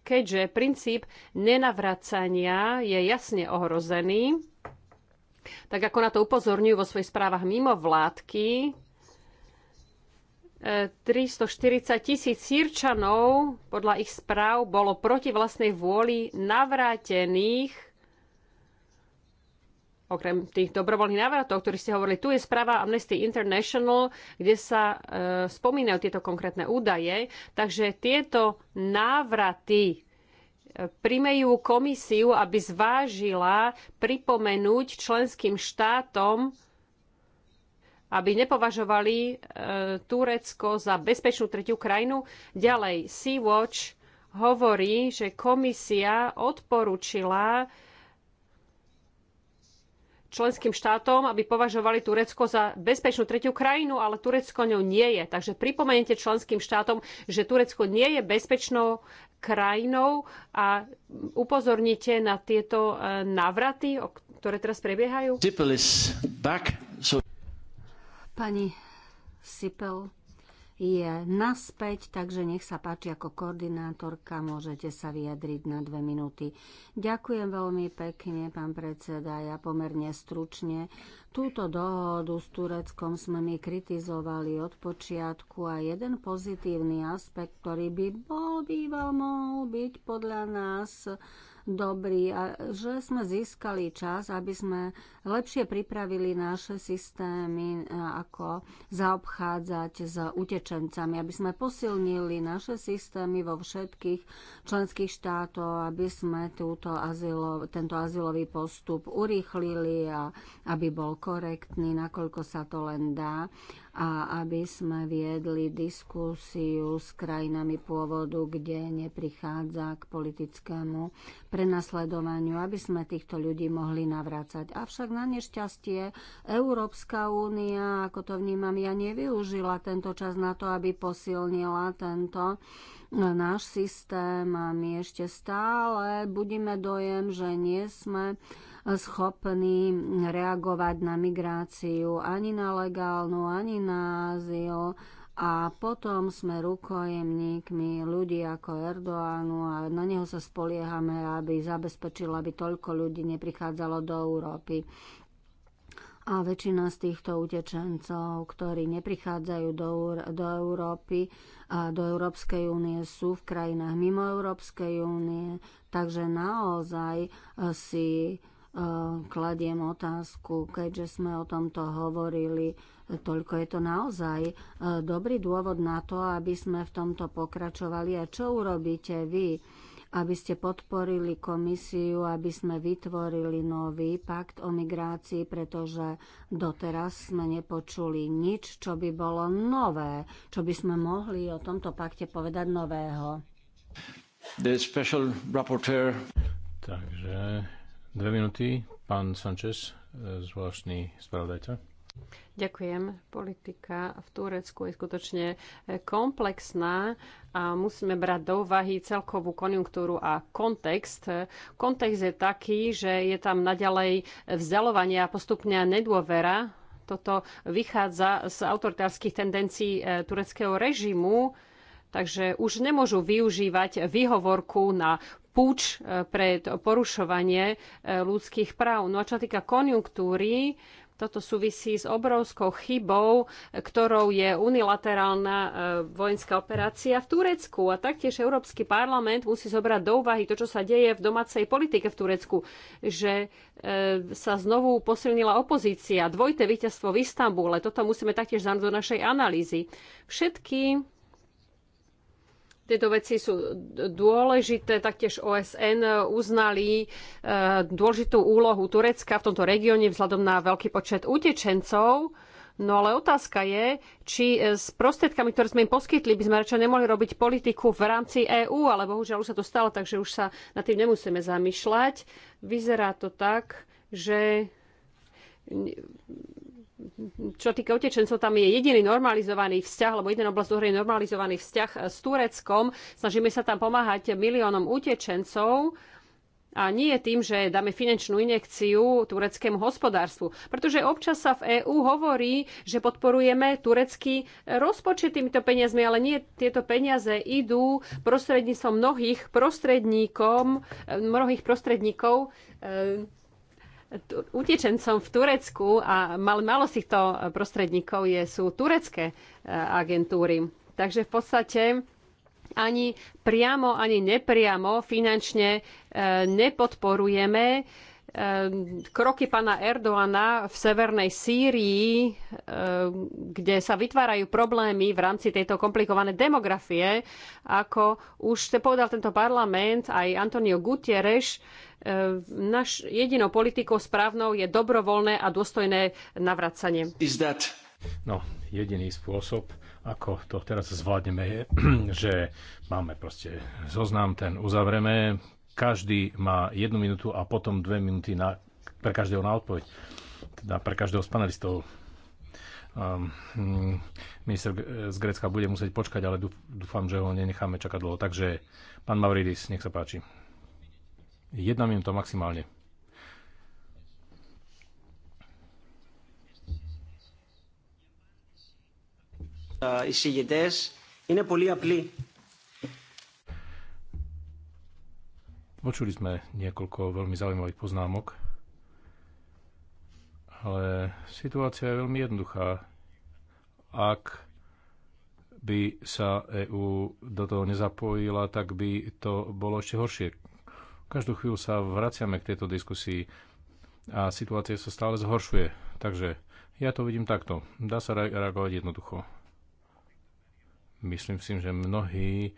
keďže princíp nenavracania je jasne ohrozený. Tak ako na to upozorňujú vo svojich správach mimo vládky, 340 e, tisíc sírčanov podľa ich správ bolo proti vlastnej vôli navrátených Okrem tých dobrovoľných návratov, o ktorých ste hovorili, tu je správa Amnesty International, kde sa e, spomínajú tieto konkrétne údaje. Takže tieto návraty e, primejú komisiu, aby zvážila pripomenúť členským štátom, aby nepovažovali e, Turecko za bezpečnú tretiu krajinu. Ďalej, Sea-Watch hovorí, že komisia odporúčila členským štátom, aby považovali Turecko za bezpečnú tretiu krajinu, ale Turecko ňou nie je. Takže pripomenete členským štátom, že Turecko nie je bezpečnou krajinou a upozornite na tieto eh, návraty, ktoré teraz prebiehajú. Pani Sipel je naspäť, takže nech sa páči ako koordinátorka, môžete sa vyjadriť na dve minúty. Ďakujem veľmi pekne, pán predseda, ja pomerne stručne. Túto dohodu s Tureckom sme my kritizovali od počiatku a jeden pozitívny aspekt, ktorý by bol býval mohol byť podľa nás dobrý a že sme získali čas, aby sme lepšie pripravili naše systémy, e, ako zaobchádzať s utečencami, aby sme posilnili naše systémy vo všetkých členských štátoch, aby sme túto azylo, tento azylový postup urýchlili a aby bol korektný, nakoľko sa to len dá a aby sme viedli diskusiu s krajinami pôvodu, kde neprichádza k politickému prenasledovaniu, aby sme týchto ľudí mohli navrácať. Avšak na nešťastie Európska únia, ako to vnímam ja, nevyužila tento čas na to, aby posilnila tento náš systém a my ešte stále budíme dojem, že nie sme schopní reagovať na migráciu, ani na legálnu, ani na azyl. A potom sme rukojemníkmi ľudí ako Erdoánu a na neho sa spoliehame, aby zabezpečil, aby toľko ľudí neprichádzalo do Európy a väčšina z týchto utečencov, ktorí neprichádzajú do, do Európy a do Európskej únie, sú v krajinách mimo Európskej únie, takže naozaj si Eh, kladiem otázku, keďže sme o tomto hovorili, eh, toľko je to naozaj eh, dobrý dôvod na to, aby sme v tomto pokračovali. A čo urobíte vy, aby ste podporili komisiu, aby sme vytvorili nový pakt o migrácii, pretože doteraz sme nepočuli nič, čo by bolo nové, čo by sme mohli o tomto pakte povedať nového. The special rapporteur. Takže Dve minúty, pán Sanchez, e, zvláštny spravodajca. Ďakujem. Politika v Turecku je skutočne e, komplexná a musíme brať do úvahy celkovú konjunktúru a kontext. Kontext je taký, že je tam naďalej e, vzdalovanie a postupne nedôvera. Toto vychádza z autoritárskych tendencií tureckého režimu, takže už nemôžu využívať výhovorku na púč e, pred porušovanie e, ľudských práv. No a čo týka konjunktúry, toto súvisí s obrovskou chybou, e, ktorou je unilaterálna vojenská operácia v Turecku. A taktiež Európsky parlament musí zobrať do úvahy to, čo sa deje v domácej politike v Turecku, že sa znovu posilnila opozícia, dvojité víťazstvo v Istambule. Toto musíme taktiež zanúť do našej analýzy. Všetky tieto veci sú dôležité, taktiež OSN eh, uznali eh, dôležitú úlohu Turecka v tomto regióne vzhľadom na veľký počet utečencov. No ale otázka je, či eh, s prostriedkami, ktoré sme im poskytli, by sme radšej nemohli robiť politiku v rámci EÚ, ale bohužiaľ už sa to stalo, takže už sa nad tým nemusíme zamýšľať. Vyzerá to tak, že čo týka utečencov, tam je jediný normalizovaný vzťah, lebo jeden oblasť dohry je normalizovaný vzťah eh, s Tureckom. Snažíme sa tam pomáhať miliónom utečencov a nie tým, že dáme finančnú inekciu tureckému hospodárstvu. Pretože občas sa v EÚ hovorí, že podporujeme turecký eh, rozpočet týmito peniazmi, ale nie tieto peniaze idú prostredníctvom mnohých prostredníkom, eh, mnohých prostredníkov utečencom v Turecku a mal, malo si týchto e, prostredníkov je, sú turecké e, agentúry. Takže v podstate ani priamo, ani nepriamo finančne e, nepodporujeme kroky pána Erdoana v severnej Sýrii, kde sa vytvárajú problémy v rámci tejto komplikovanej demografie, ako už ste povedal tento parlament, aj Antonio Gutierrez, naš jedinou politikou správnou je dobrovoľné a dôstojné navracanie. No, jediný spôsob, ako to teraz zvládneme, je, že máme proste zoznam, ten uzavreme, každý má jednu minútu a potom dve minúty na, pre každého na odpoveď. Teda pre každého z panelistov. Um, minister z Grécka bude musieť počkať, ale dúfam, že ho nenecháme čakať dlho. Takže, pán Mavridis, nech sa páči. Jedna minúta maximálne. εισηγητές είναι πολύ απλή. Počuli sme niekoľko veľmi zaujímavých poznámok, ale situácia je veľmi jednoduchá. Ak by sa EÚ do toho nezapojila, tak by to bolo ešte horšie. Každú chvíľu sa vraciame k tejto diskusii a situácia sa stále zhoršuje. Takže ja to vidím takto. Dá sa reagovať jednoducho. Myslím si, že mnohí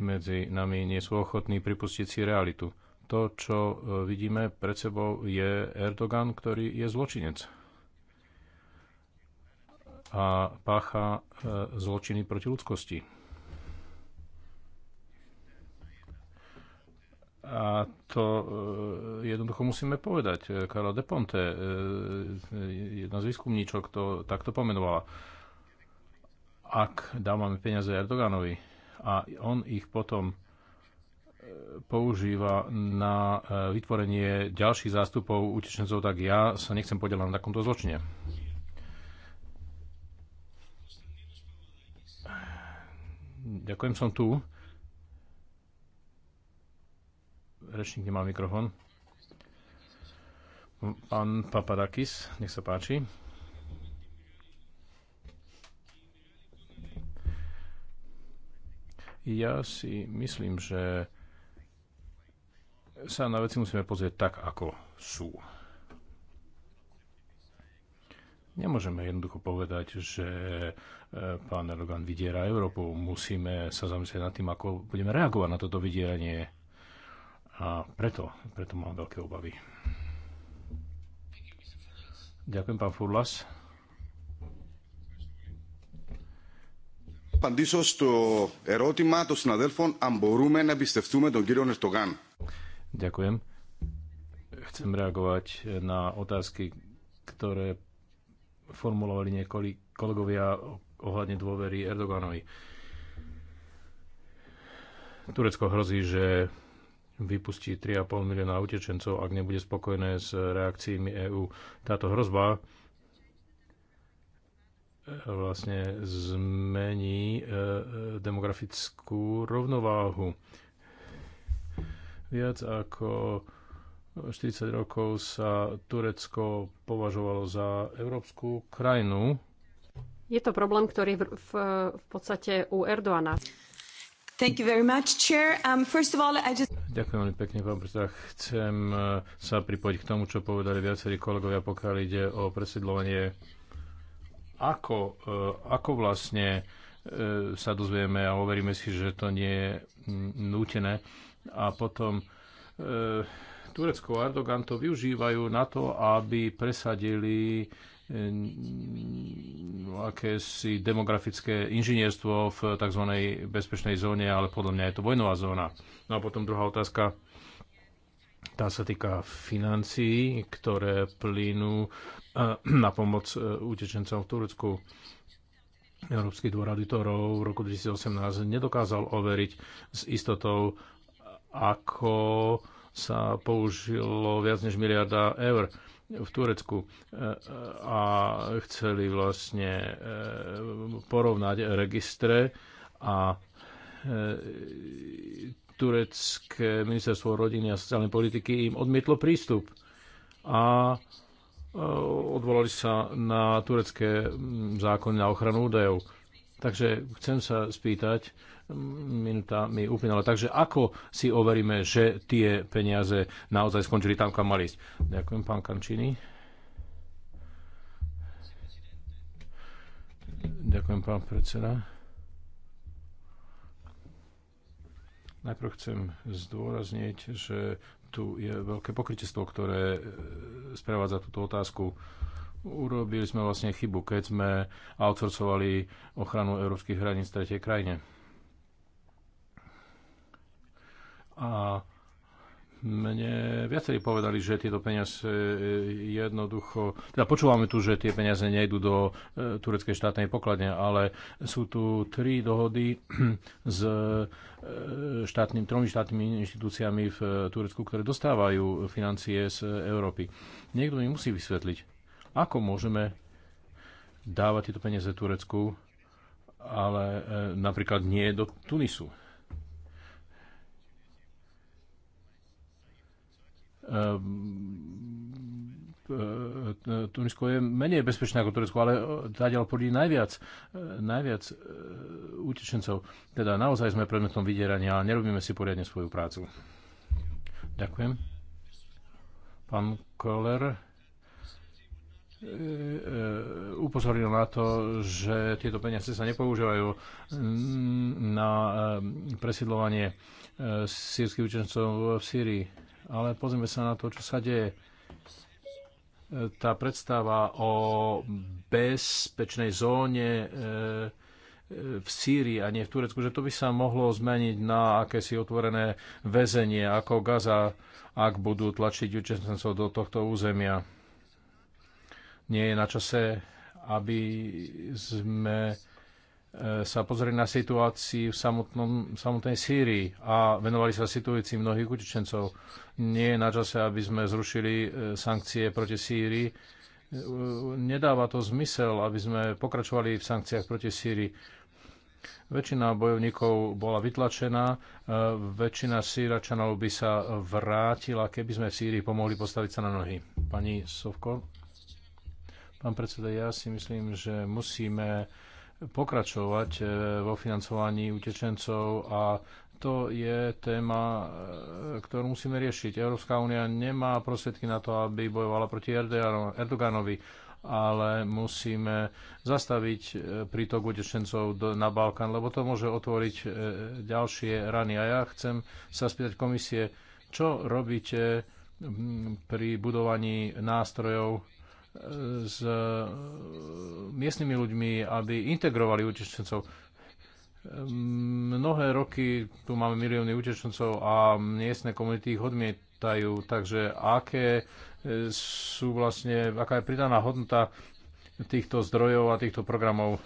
medzi nami nie sú ochotní pripustiť si realitu. To, čo e, vidíme pred sebou, je Erdogan, ktorý je zločinec a pácha e, zločiny proti ľudskosti. A to e, jednoducho musíme povedať. Karla de Ponte, jedna z výskumníčok, to takto pomenovala. Ak dávame peniaze Erdoganovi, a on ich potom e, používa na e, vytvorenie ďalších zástupov utečencov, tak ja sa nechcem podielať na takomto zločine. Ďakujem, som tu. Rečník nemá mikrofón. Pán Papadakis, nech sa páči. Ja si myslím, že sa na veci musíme pozrieť tak, ako sú. Nemôžeme jednoducho povedať, že e, pán Erdogan vydiera Európu. Musíme sa zamyslieť nad tým, ako budeme reagovať na toto vydieranie. A preto, preto mám veľké obavy. Ďakujem, pán Furlas. απαντήσω στο ερώτημα των συναδέλφων αν μπορούμε να εμπιστευτούμε τον κύριο Ερτογάν. Ďakujem. Chcem reagovať na otázky, ktoré formulovali niekoľi kolegovia ohľadne dôvery Erdoganovi. Turecko hrozí, že vypustí 3,5 milióna utečencov, ak nebude spokojné s reakciami EÚ. Táto hrozba vlastne zmení e, e, demografickú rovnováhu. Viac ako 40 rokov sa Turecko považovalo za európsku krajinu. Je to problém, ktorý v, v, v podstate u Erdoana. Thank you very much, Chair. Um, first of all, I just... Ďakujem veľmi pekne, pán predseda. Chcem e, sa pripojiť k tomu, čo povedali viacerí kolegovia, pokiaľ ide o presidlovanie ako, e, ako vlastne e, sa dozvieme a overíme si, že to nie je nútené. A potom e, Turecko a Erdogan to využívajú na to, aby presadili akési demografické inžinierstvo v tzv. bezpečnej zóne, ale podľa mňa je to vojnová zóna. No a potom druhá otázka, tá sa týka financií, ktoré plynú na pomoc e, utečencom v Turecku. Európsky dvor auditorov v roku 2018 nedokázal overiť s istotou, ako sa použilo viac než miliarda eur v Turecku e, a chceli vlastne e, porovnať registre a turecké ministerstvo rodiny a sociálnej politiky im odmietlo prístup. A Eh, odvolali sa na turecké mm, zákony na ochranu údajov. Takže chcem sa spýtať, mm, minúta mi upínala, takže ako si overíme, že tie peniaze naozaj skončili tam, kam mali ísť? Ďakujem, pán Kančini. Ďakujem, pán predseda. Najprv chcem zdôrazniť, že tu je veľké pokrytectvo, ktoré e, sprevádza túto otázku. Urobili sme vlastne chybu, keď sme outsourcovali ochranu európskych hraníc tretej krajine. A mne viacerí povedali, že tieto peniaze e, jednoducho... Teda počúvame tu, že tie peniaze nejdú do e, tureckej štátnej pokladne, ale sú tu tri dohody s e, štátnym, tromi štátnymi inštitúciami v Turecku, ktoré dostávajú financie z Európy. Niekto mi musí vysvetliť, ako môžeme dávať tieto peniaze Turecku, ale napríklad nie do Tunisu. Ehm, e, Tunisko je menej bezpečné ako Turecko, ale e, zatiaľ podí najviac, e, najviac utečencov. Teda naozaj sme predmetom vydierania a nerobíme si poriadne svoju prácu. Ďakujem. Pán Koller upozornil na to, že tieto peniaze sa nepoužívajú na presidlovanie sírskych učencov v Sýrii ale pozrieme sa na to, čo sa deje. E, tá predstava o bezpečnej zóne e, e, v Sýrii a nie v Turecku, že to by sa mohlo zmeniť na akési otvorené väzenie ako Gaza, ak budú tlačiť učestnencov do tohto územia. Nie je na čase, aby sme E, sa pozreli na situáciu v, samotnom, v samotnej Sýrii a venovali sa situácii mnohých utečencov. Nie je na čase, aby sme zrušili e, sankcie proti Sýrii. E, nedáva to zmysel, aby sme pokračovali v sankciách proti Sýrii. Väčšina bojovníkov bola vytlačená, väčšina Sýračanov by sa vrátila, keby sme v Sýrii pomohli postaviť sa na nohy. Pani Sovko? Pán predseda, ja si myslím, že musíme pokračovať e, vo financovaní utečencov a to je téma, e, ktorú musíme riešiť. Európska únia nemá prostriedky na to, aby bojovala proti Erdoganovi, ale musíme zastaviť e, prítok utečencov na Balkán, lebo to môže otvoriť ďalšie rany. A ja chcem sa spýtať komisie, čo robíte pri budovaní nástrojov s e, miestnymi ľuďmi, aby integrovali utečencov. Mnohé roky tu máme milióny utečencov a miestne komunity ich odmietajú, takže aké e, sú vlastne, aká je pridaná hodnota týchto zdrojov a týchto programov.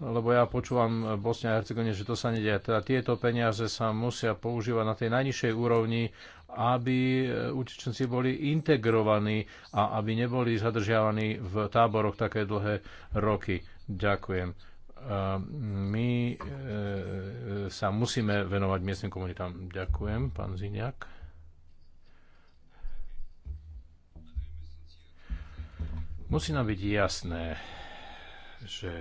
Lebo ja počúvam v Bosne a Hercegovine, že to sa nedie. Teda tieto peniaze sa musia používať na tej najnižšej úrovni aby e, utečenci boli integrovaní a aby neboli zadržiavaní v táboroch také dlhé roky. Ďakujem. Mm, my e, e, sa musíme venovať miestnym komunitám. Ďakujem, pán Ziniak. Musí nám byť jasné, že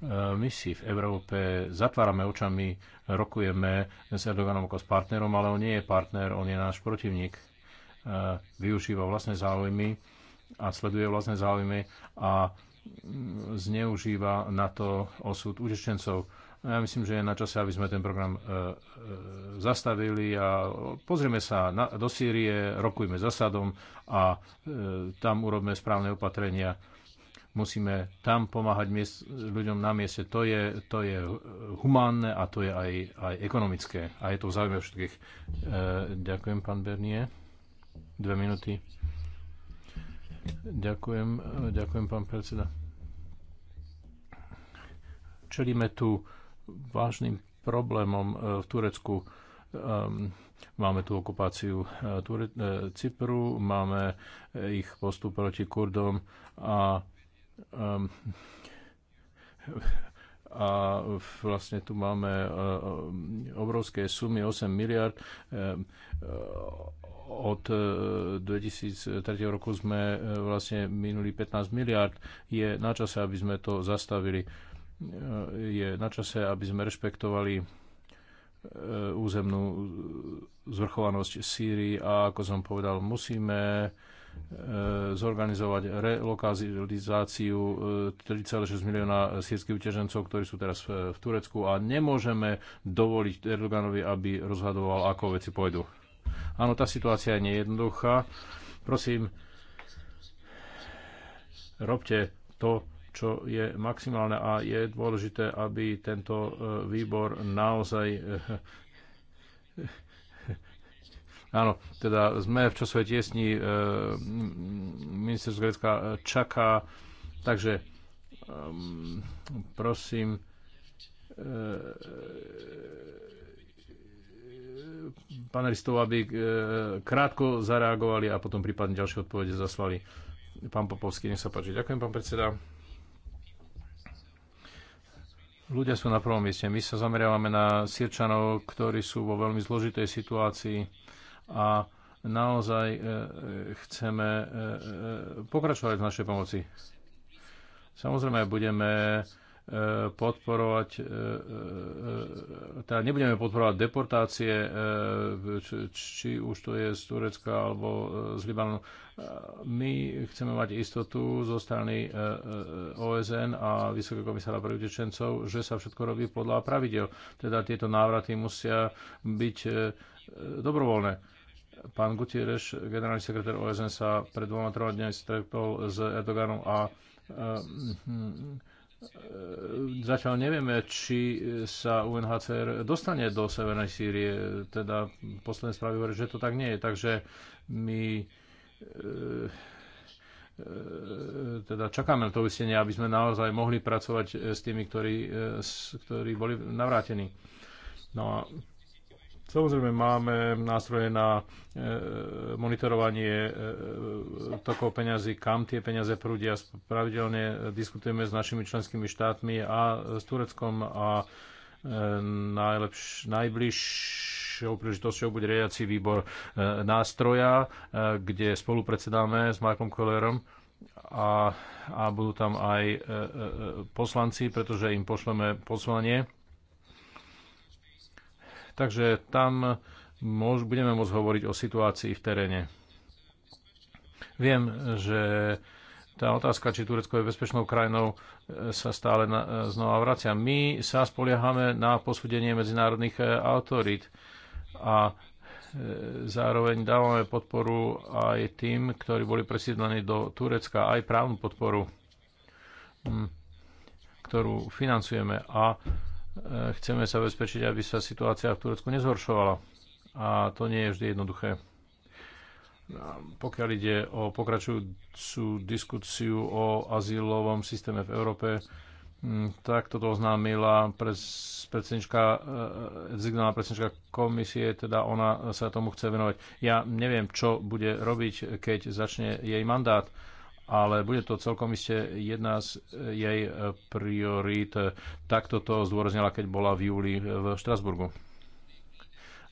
Eh, my si v Európe zatvárame očami, rokujeme s Erdoganom ako s partnerom, ale on nie je partner, on je náš protivník. Eh, využíva vlastné záujmy a sleduje vlastné záujmy a mm, zneužíva na to osud utečencov. Ja myslím, že je na čase, aby sme ten program eh, zastavili a pozrieme sa na, do Sýrie, rokujme zasadom a tam urobme správne opatrenia Musíme tam pomáhať miest, ľuďom na mieste. To je, to je humánne a to je aj, aj ekonomické. A je to v záujme všetkých. E, ďakujem, pán Bernie. Dve minúty. Ďakujem, ďakujem pán predseda. Čelíme tu vážnym problémom e, v Turecku. Ehm, máme tu okupáciu e, e, Cypru, máme ich postup proti Kurdom a Um, a vlastne tu máme e, e, obrovské sumy 8 miliard. Ehm, e, od 2003 roku sme vlastne minuli 15 miliard. Je na čase, aby sme to zastavili. Je na čase, aby sme rešpektovali územnú zvrchovanosť Sýrii a ako som povedal, musíme E, zorganizovať relokalizáciu 3,6 e, milióna sírskych utečencov, ktorí sú teraz v Turecku a nemôžeme dovoliť Erdoganovi, aby rozhadoval, ako veci pôjdu. Áno, tá situácia je nejednoduchá. Prosím, robte to, čo je maximálne a je dôležité, aby tento e, výbor naozaj Áno, teda sme v časovej tiesni, e, ministerstvo Grecka čaká, takže e, prosím, e, panelistov, aby e, krátko zareagovali a potom prípadne ďalšie odpovede zaslali. Pán Popovský, nech sa páči. Ďakujem, pán predseda. Ľudia sú na prvom mieste. My sa zameriavame na Sirčanov, ktorí sú vo veľmi zložitej situácii a naozaj e, e, chceme e, pokračovať v našej pomoci. Samozrejme, budeme podporovať, teda nebudeme podporovať deportácie, či už to je z Turecka alebo z Libanonu. My chceme mať istotu zo strany OSN a Vysokého komisára pre utečencov, že sa všetko robí podľa pravidel. Teda tieto návraty musia byť dobrovoľné Pán Gutierrez, generálny sekretár OSN, sa pred dvoma troma dňami stretol s Erdoganom a ehm, ehm, zatiaľ nevieme, či sa UNHCR dostane do Severnej Sýrie. Teda posledné správy hovorí, že to tak nie je. Takže my ehm, e, teda čakáme na to vysenie, aby sme naozaj mohli pracovať e, s tými, ktorí, e, ktorí boli navrátení. No a Samozrejme máme nástroje na e, monitorovanie e, tokov peňazí, kam tie peniaze prúdia. Pravidelne diskutujeme s našimi členskými štátmi a s Tureckom a e, najlepš- najbližšou príležitosťou bude riadiaci výbor nástroja, kde spolupredsedáme s Markom Kollerom a, a budú tam aj poslanci, pretože im pošleme poslanie Takže tam môž, budeme môcť hovoriť o situácii v teréne. Viem, že tá otázka, či Turecko je bezpečnou krajinou, e, sa stále na, e, znova vracia. My sa spoliehame na posúdenie medzinárodných e, autorít a zároveň dávame podporu aj tým, ktorí boli presídlení do Turecka, aj právnu podporu, ktorú financujeme. A Eh, chceme sa bezpečiť, aby sa situácia v Turecku nezhoršovala. A to nie je vždy jednoduché. Pokiaľ ide o pokračujúcu diskusiu o azylovom systéme v Európe, hm, tak toto oznámila predsednička, eh, zignálna predsednička komisie, teda ona sa tomu chce venovať. Ja neviem, čo bude robiť, keď začne jej mandát ale bude to celkom iste jedna z eh, jej eh, priorít. Takto to zdôraznila, keď bola v júli eh, v Štrasburgu.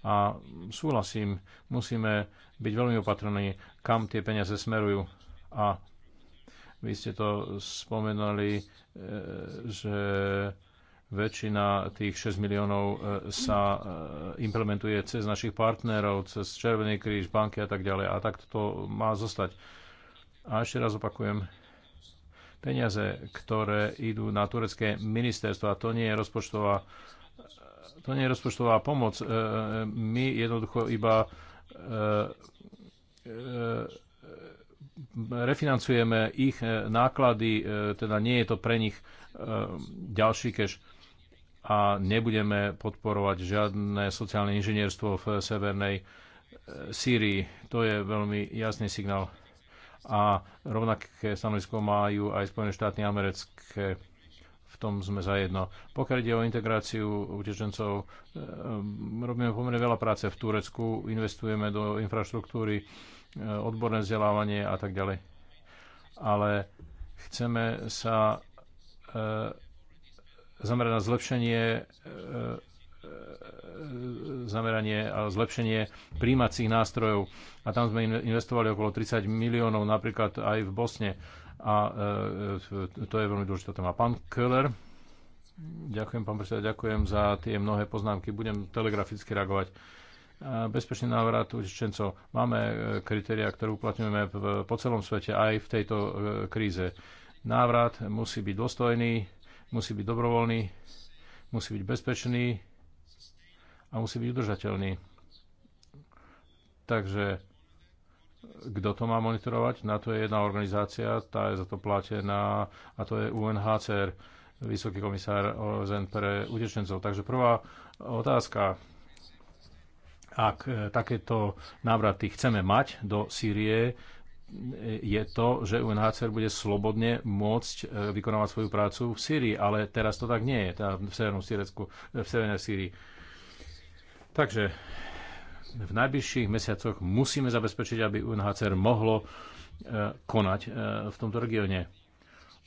A súhlasím, musíme byť veľmi opatrní, kam tie peniaze smerujú. A vy ste to spomenali, že väčšina tých 6 miliónov sa implementuje cez našich partnerov, cez Červený kríž, banky a tak ďalej. A tak to má zostať a ešte raz opakujem, peniaze, ktoré idú na turecké ministerstvo, a to nie je rozpočtová, to nie je rozpočtová pomoc. E, e, my jednoducho iba e, refinancujeme ich náklady, teda nie je to pre nich ďalší keš a nebudeme podporovať žiadne sociálne inžinierstvo v severnej Sýrii. To je veľmi jasný signál a rovnaké stanovisko majú aj Spojené štáty americké v tom sme zajedno. Pokiaľ ide o integráciu utečencov, ehm, robíme pomerne veľa práce v Turecku, investujeme do infraštruktúry, e, odborné vzdelávanie a tak ďalej. Ale chceme sa e, zamerať na zlepšenie e, E, zameranie a zlepšenie príjmacích nástrojov. A tam sme investovali okolo 30 miliónov napríklad aj v Bosne. A e, e, to je veľmi dôležitá téma. Pán Köhler, ďakujem, pán predseda, ďakujem za tie mnohé poznámky. Budem telegraficky reagovať bezpečný návrat utečencov. Máme kritéria, ktoré uplatňujeme po celom svete aj v tejto kríze. Návrat musí byť dôstojný, musí byť dobrovoľný, musí byť bezpečný a musí byť udržateľný. Takže kto to má monitorovať? Na to je jedna organizácia, tá je za to platená a to je UNHCR, Vysoký komisár OSN pre utečencov. Takže prvá otázka, ak e, takéto návraty chceme mať do Sýrie, e, je to, že UNHCR bude slobodne môcť e, vykonávať svoju prácu v Sýrii, ale teraz to tak nie je, teda v Severnom Sýrecku, v Severnej Sýrii. Takže v najbližších mesiacoch musíme zabezpečiť, aby UNHCR mohlo e, konať e, v tomto regióne.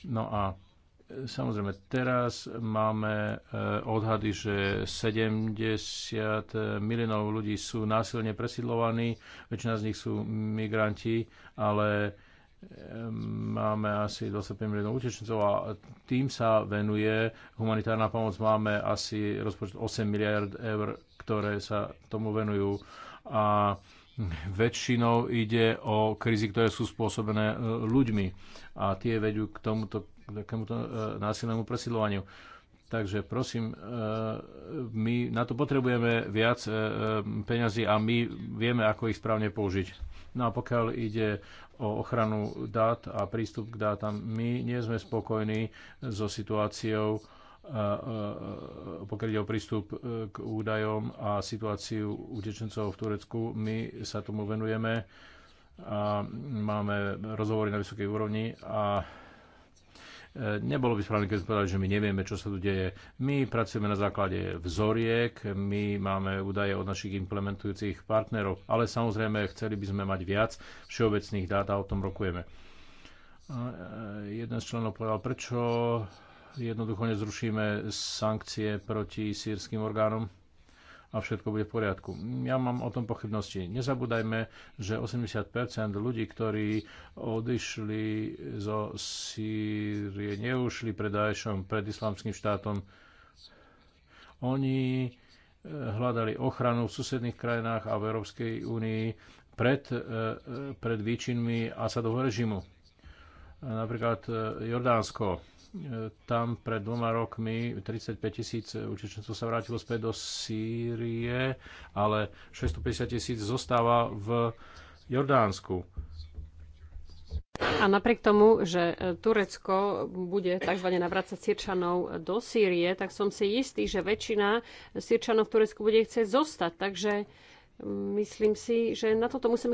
No a e, samozrejme teraz máme odhady, že 70 miliónov ľudí sú násilne presidlovaní, väčšina z nich sú migranti, ale máme asi 25 miliónov utečencov a tým sa venuje humanitárna pomoc. Máme asi rozpočet 8 miliard eur, ktoré sa tomu venujú. A väčšinou ide o krízy, ktoré sú spôsobené e, ľuďmi a tie vedú k tomuto, k takémuto e, násilnému presidlovaniu. Takže prosím, e, my na to potrebujeme viac peňazí a my vieme, ako ich správne použiť. No a pokiaľ ide o ochranu dát a prístup k dátam. My nie sme spokojní so situáciou, e, e, pokiaľ ide o prístup e, k údajom a situáciu utečencov v Turecku. My sa tomu venujeme a máme rozhovory na vysokej úrovni a Nebolo by správne, keď sme povedali, že my nevieme, čo sa tu deje. My pracujeme na základe vzoriek, my máme údaje od našich implementujúcich partnerov, ale samozrejme chceli by sme mať viac všeobecných dát a o tom rokujeme. E, jeden z členov povedal, prečo jednoducho nezrušíme sankcie proti sírským orgánom? a všetko bude v poriadku. Ja mám o tom pochybnosti. Nezabúdajme, že 80% ľudí, ktorí odišli zo Sýrie, neušli pred Daešom, pred islamským štátom, oni eh, hľadali ochranu v susedných krajinách a v Európskej únii pred, eh, pred výčinmi Asadovho režimu. Napríklad eh, Jordánsko E, tam pred dvoma rokmi 35 tisíc utečencov sa vrátilo späť do Sýrie, ale 650 tisíc zostáva v Jordánsku. A napriek tomu, že e, Turecko bude tzv. navrácať Sirčanov do Sýrie, tak som si istý, že väčšina Sirčanov v Turecku bude chcieť zostať. Takže Myslím si, že na toto musíme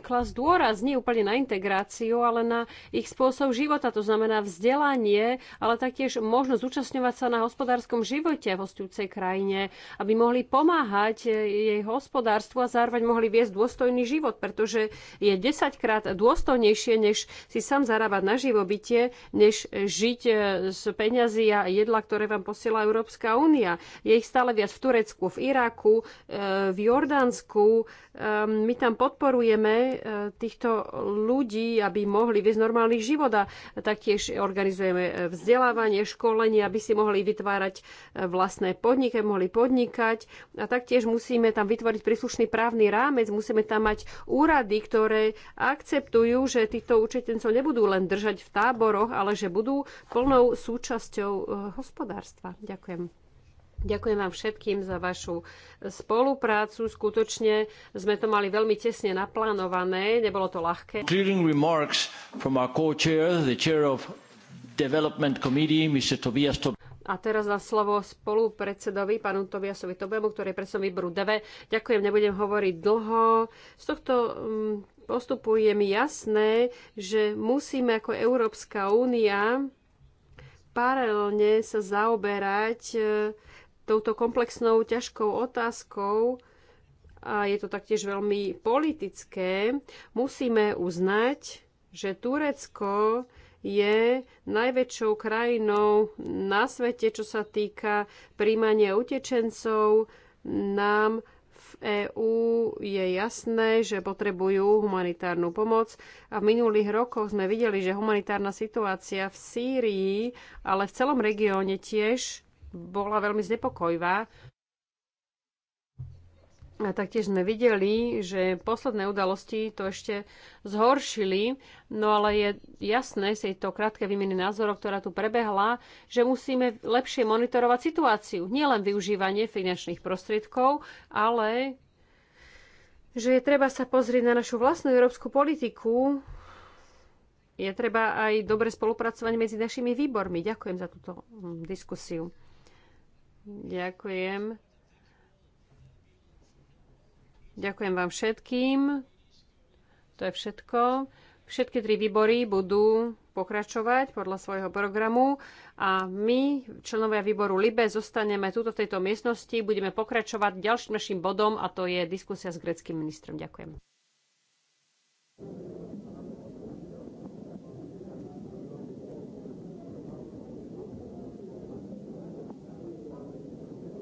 klasť dôraz, nie úplne na integráciu, ale na ich spôsob života, to znamená vzdelanie, ale taktiež možnosť zúčastňovať sa na hospodárskom živote v hostujúcej krajine, aby mohli pomáhať jej hospodárstvu a zároveň mohli viesť dôstojný život, pretože je desaťkrát dôstojnejšie, než si sám zarábať na živobytie, než žiť e, z peňazí a jedla, ktoré vám posiela Európska únia. Je ich stále viac v Turecku, v Iraku, e, v Jordánsku, Taliansku. Ehm, my tam podporujeme e, týchto ľudí, aby mohli viesť normálny život a taktiež organizujeme e, vzdelávanie, školenie, aby si mohli vytvárať e, vlastné podniky, mohli podnikať. A taktiež musíme tam vytvoriť príslušný právny rámec, musíme tam mať úrady, ktoré akceptujú, že týchto učiteľcov nebudú len držať v táboroch, ale že budú plnou súčasťou hospodárstva. Ďakujem. Ďakujem vám všetkým za vašu spoluprácu. Skutočne sme to mali veľmi tesne naplánované, nebolo to ľahké. A teraz dám slovo spolupredsedovi, pánu Tobiasovi Tobemu, ktorý je predsedom výboru DV. Ďakujem, nebudem hovoriť dlho. Z tohto mm, postupu je mi jasné, že musíme ako Európska únia paralelne sa zaoberať e, touto komplexnou, ťažkou otázkou, a je to taktiež veľmi politické, musíme uznať, že Turecko je najväčšou krajinou na svete, čo sa týka príjmania utečencov. Nám v EÚ je jasné, že potrebujú humanitárnu pomoc a v minulých rokoch sme videli, že humanitárna situácia v Sýrii, ale v celom regióne tiež bola veľmi znepokojivá. A taktiež sme videli, že posledné udalosti to ešte zhoršili, no ale je jasné z tejto krátkej výmeny názorov, ktorá tu prebehla, že musíme lepšie monitorovať situáciu. Nielen využívanie finančných prostriedkov, ale že je treba sa pozrieť na našu vlastnú európsku politiku, je treba aj dobre spolupracovať medzi našimi výbormi. Ďakujem za túto mm, diskusiu. Ďakujem. Ďakujem vám všetkým. To je všetko. Všetky tri výbory budú pokračovať podľa svojho programu a my, členovia výboru LIBE, zostaneme tuto v tejto miestnosti, budeme pokračovať ďalším našim bodom a to je diskusia s greckým ministrom. Ďakujem.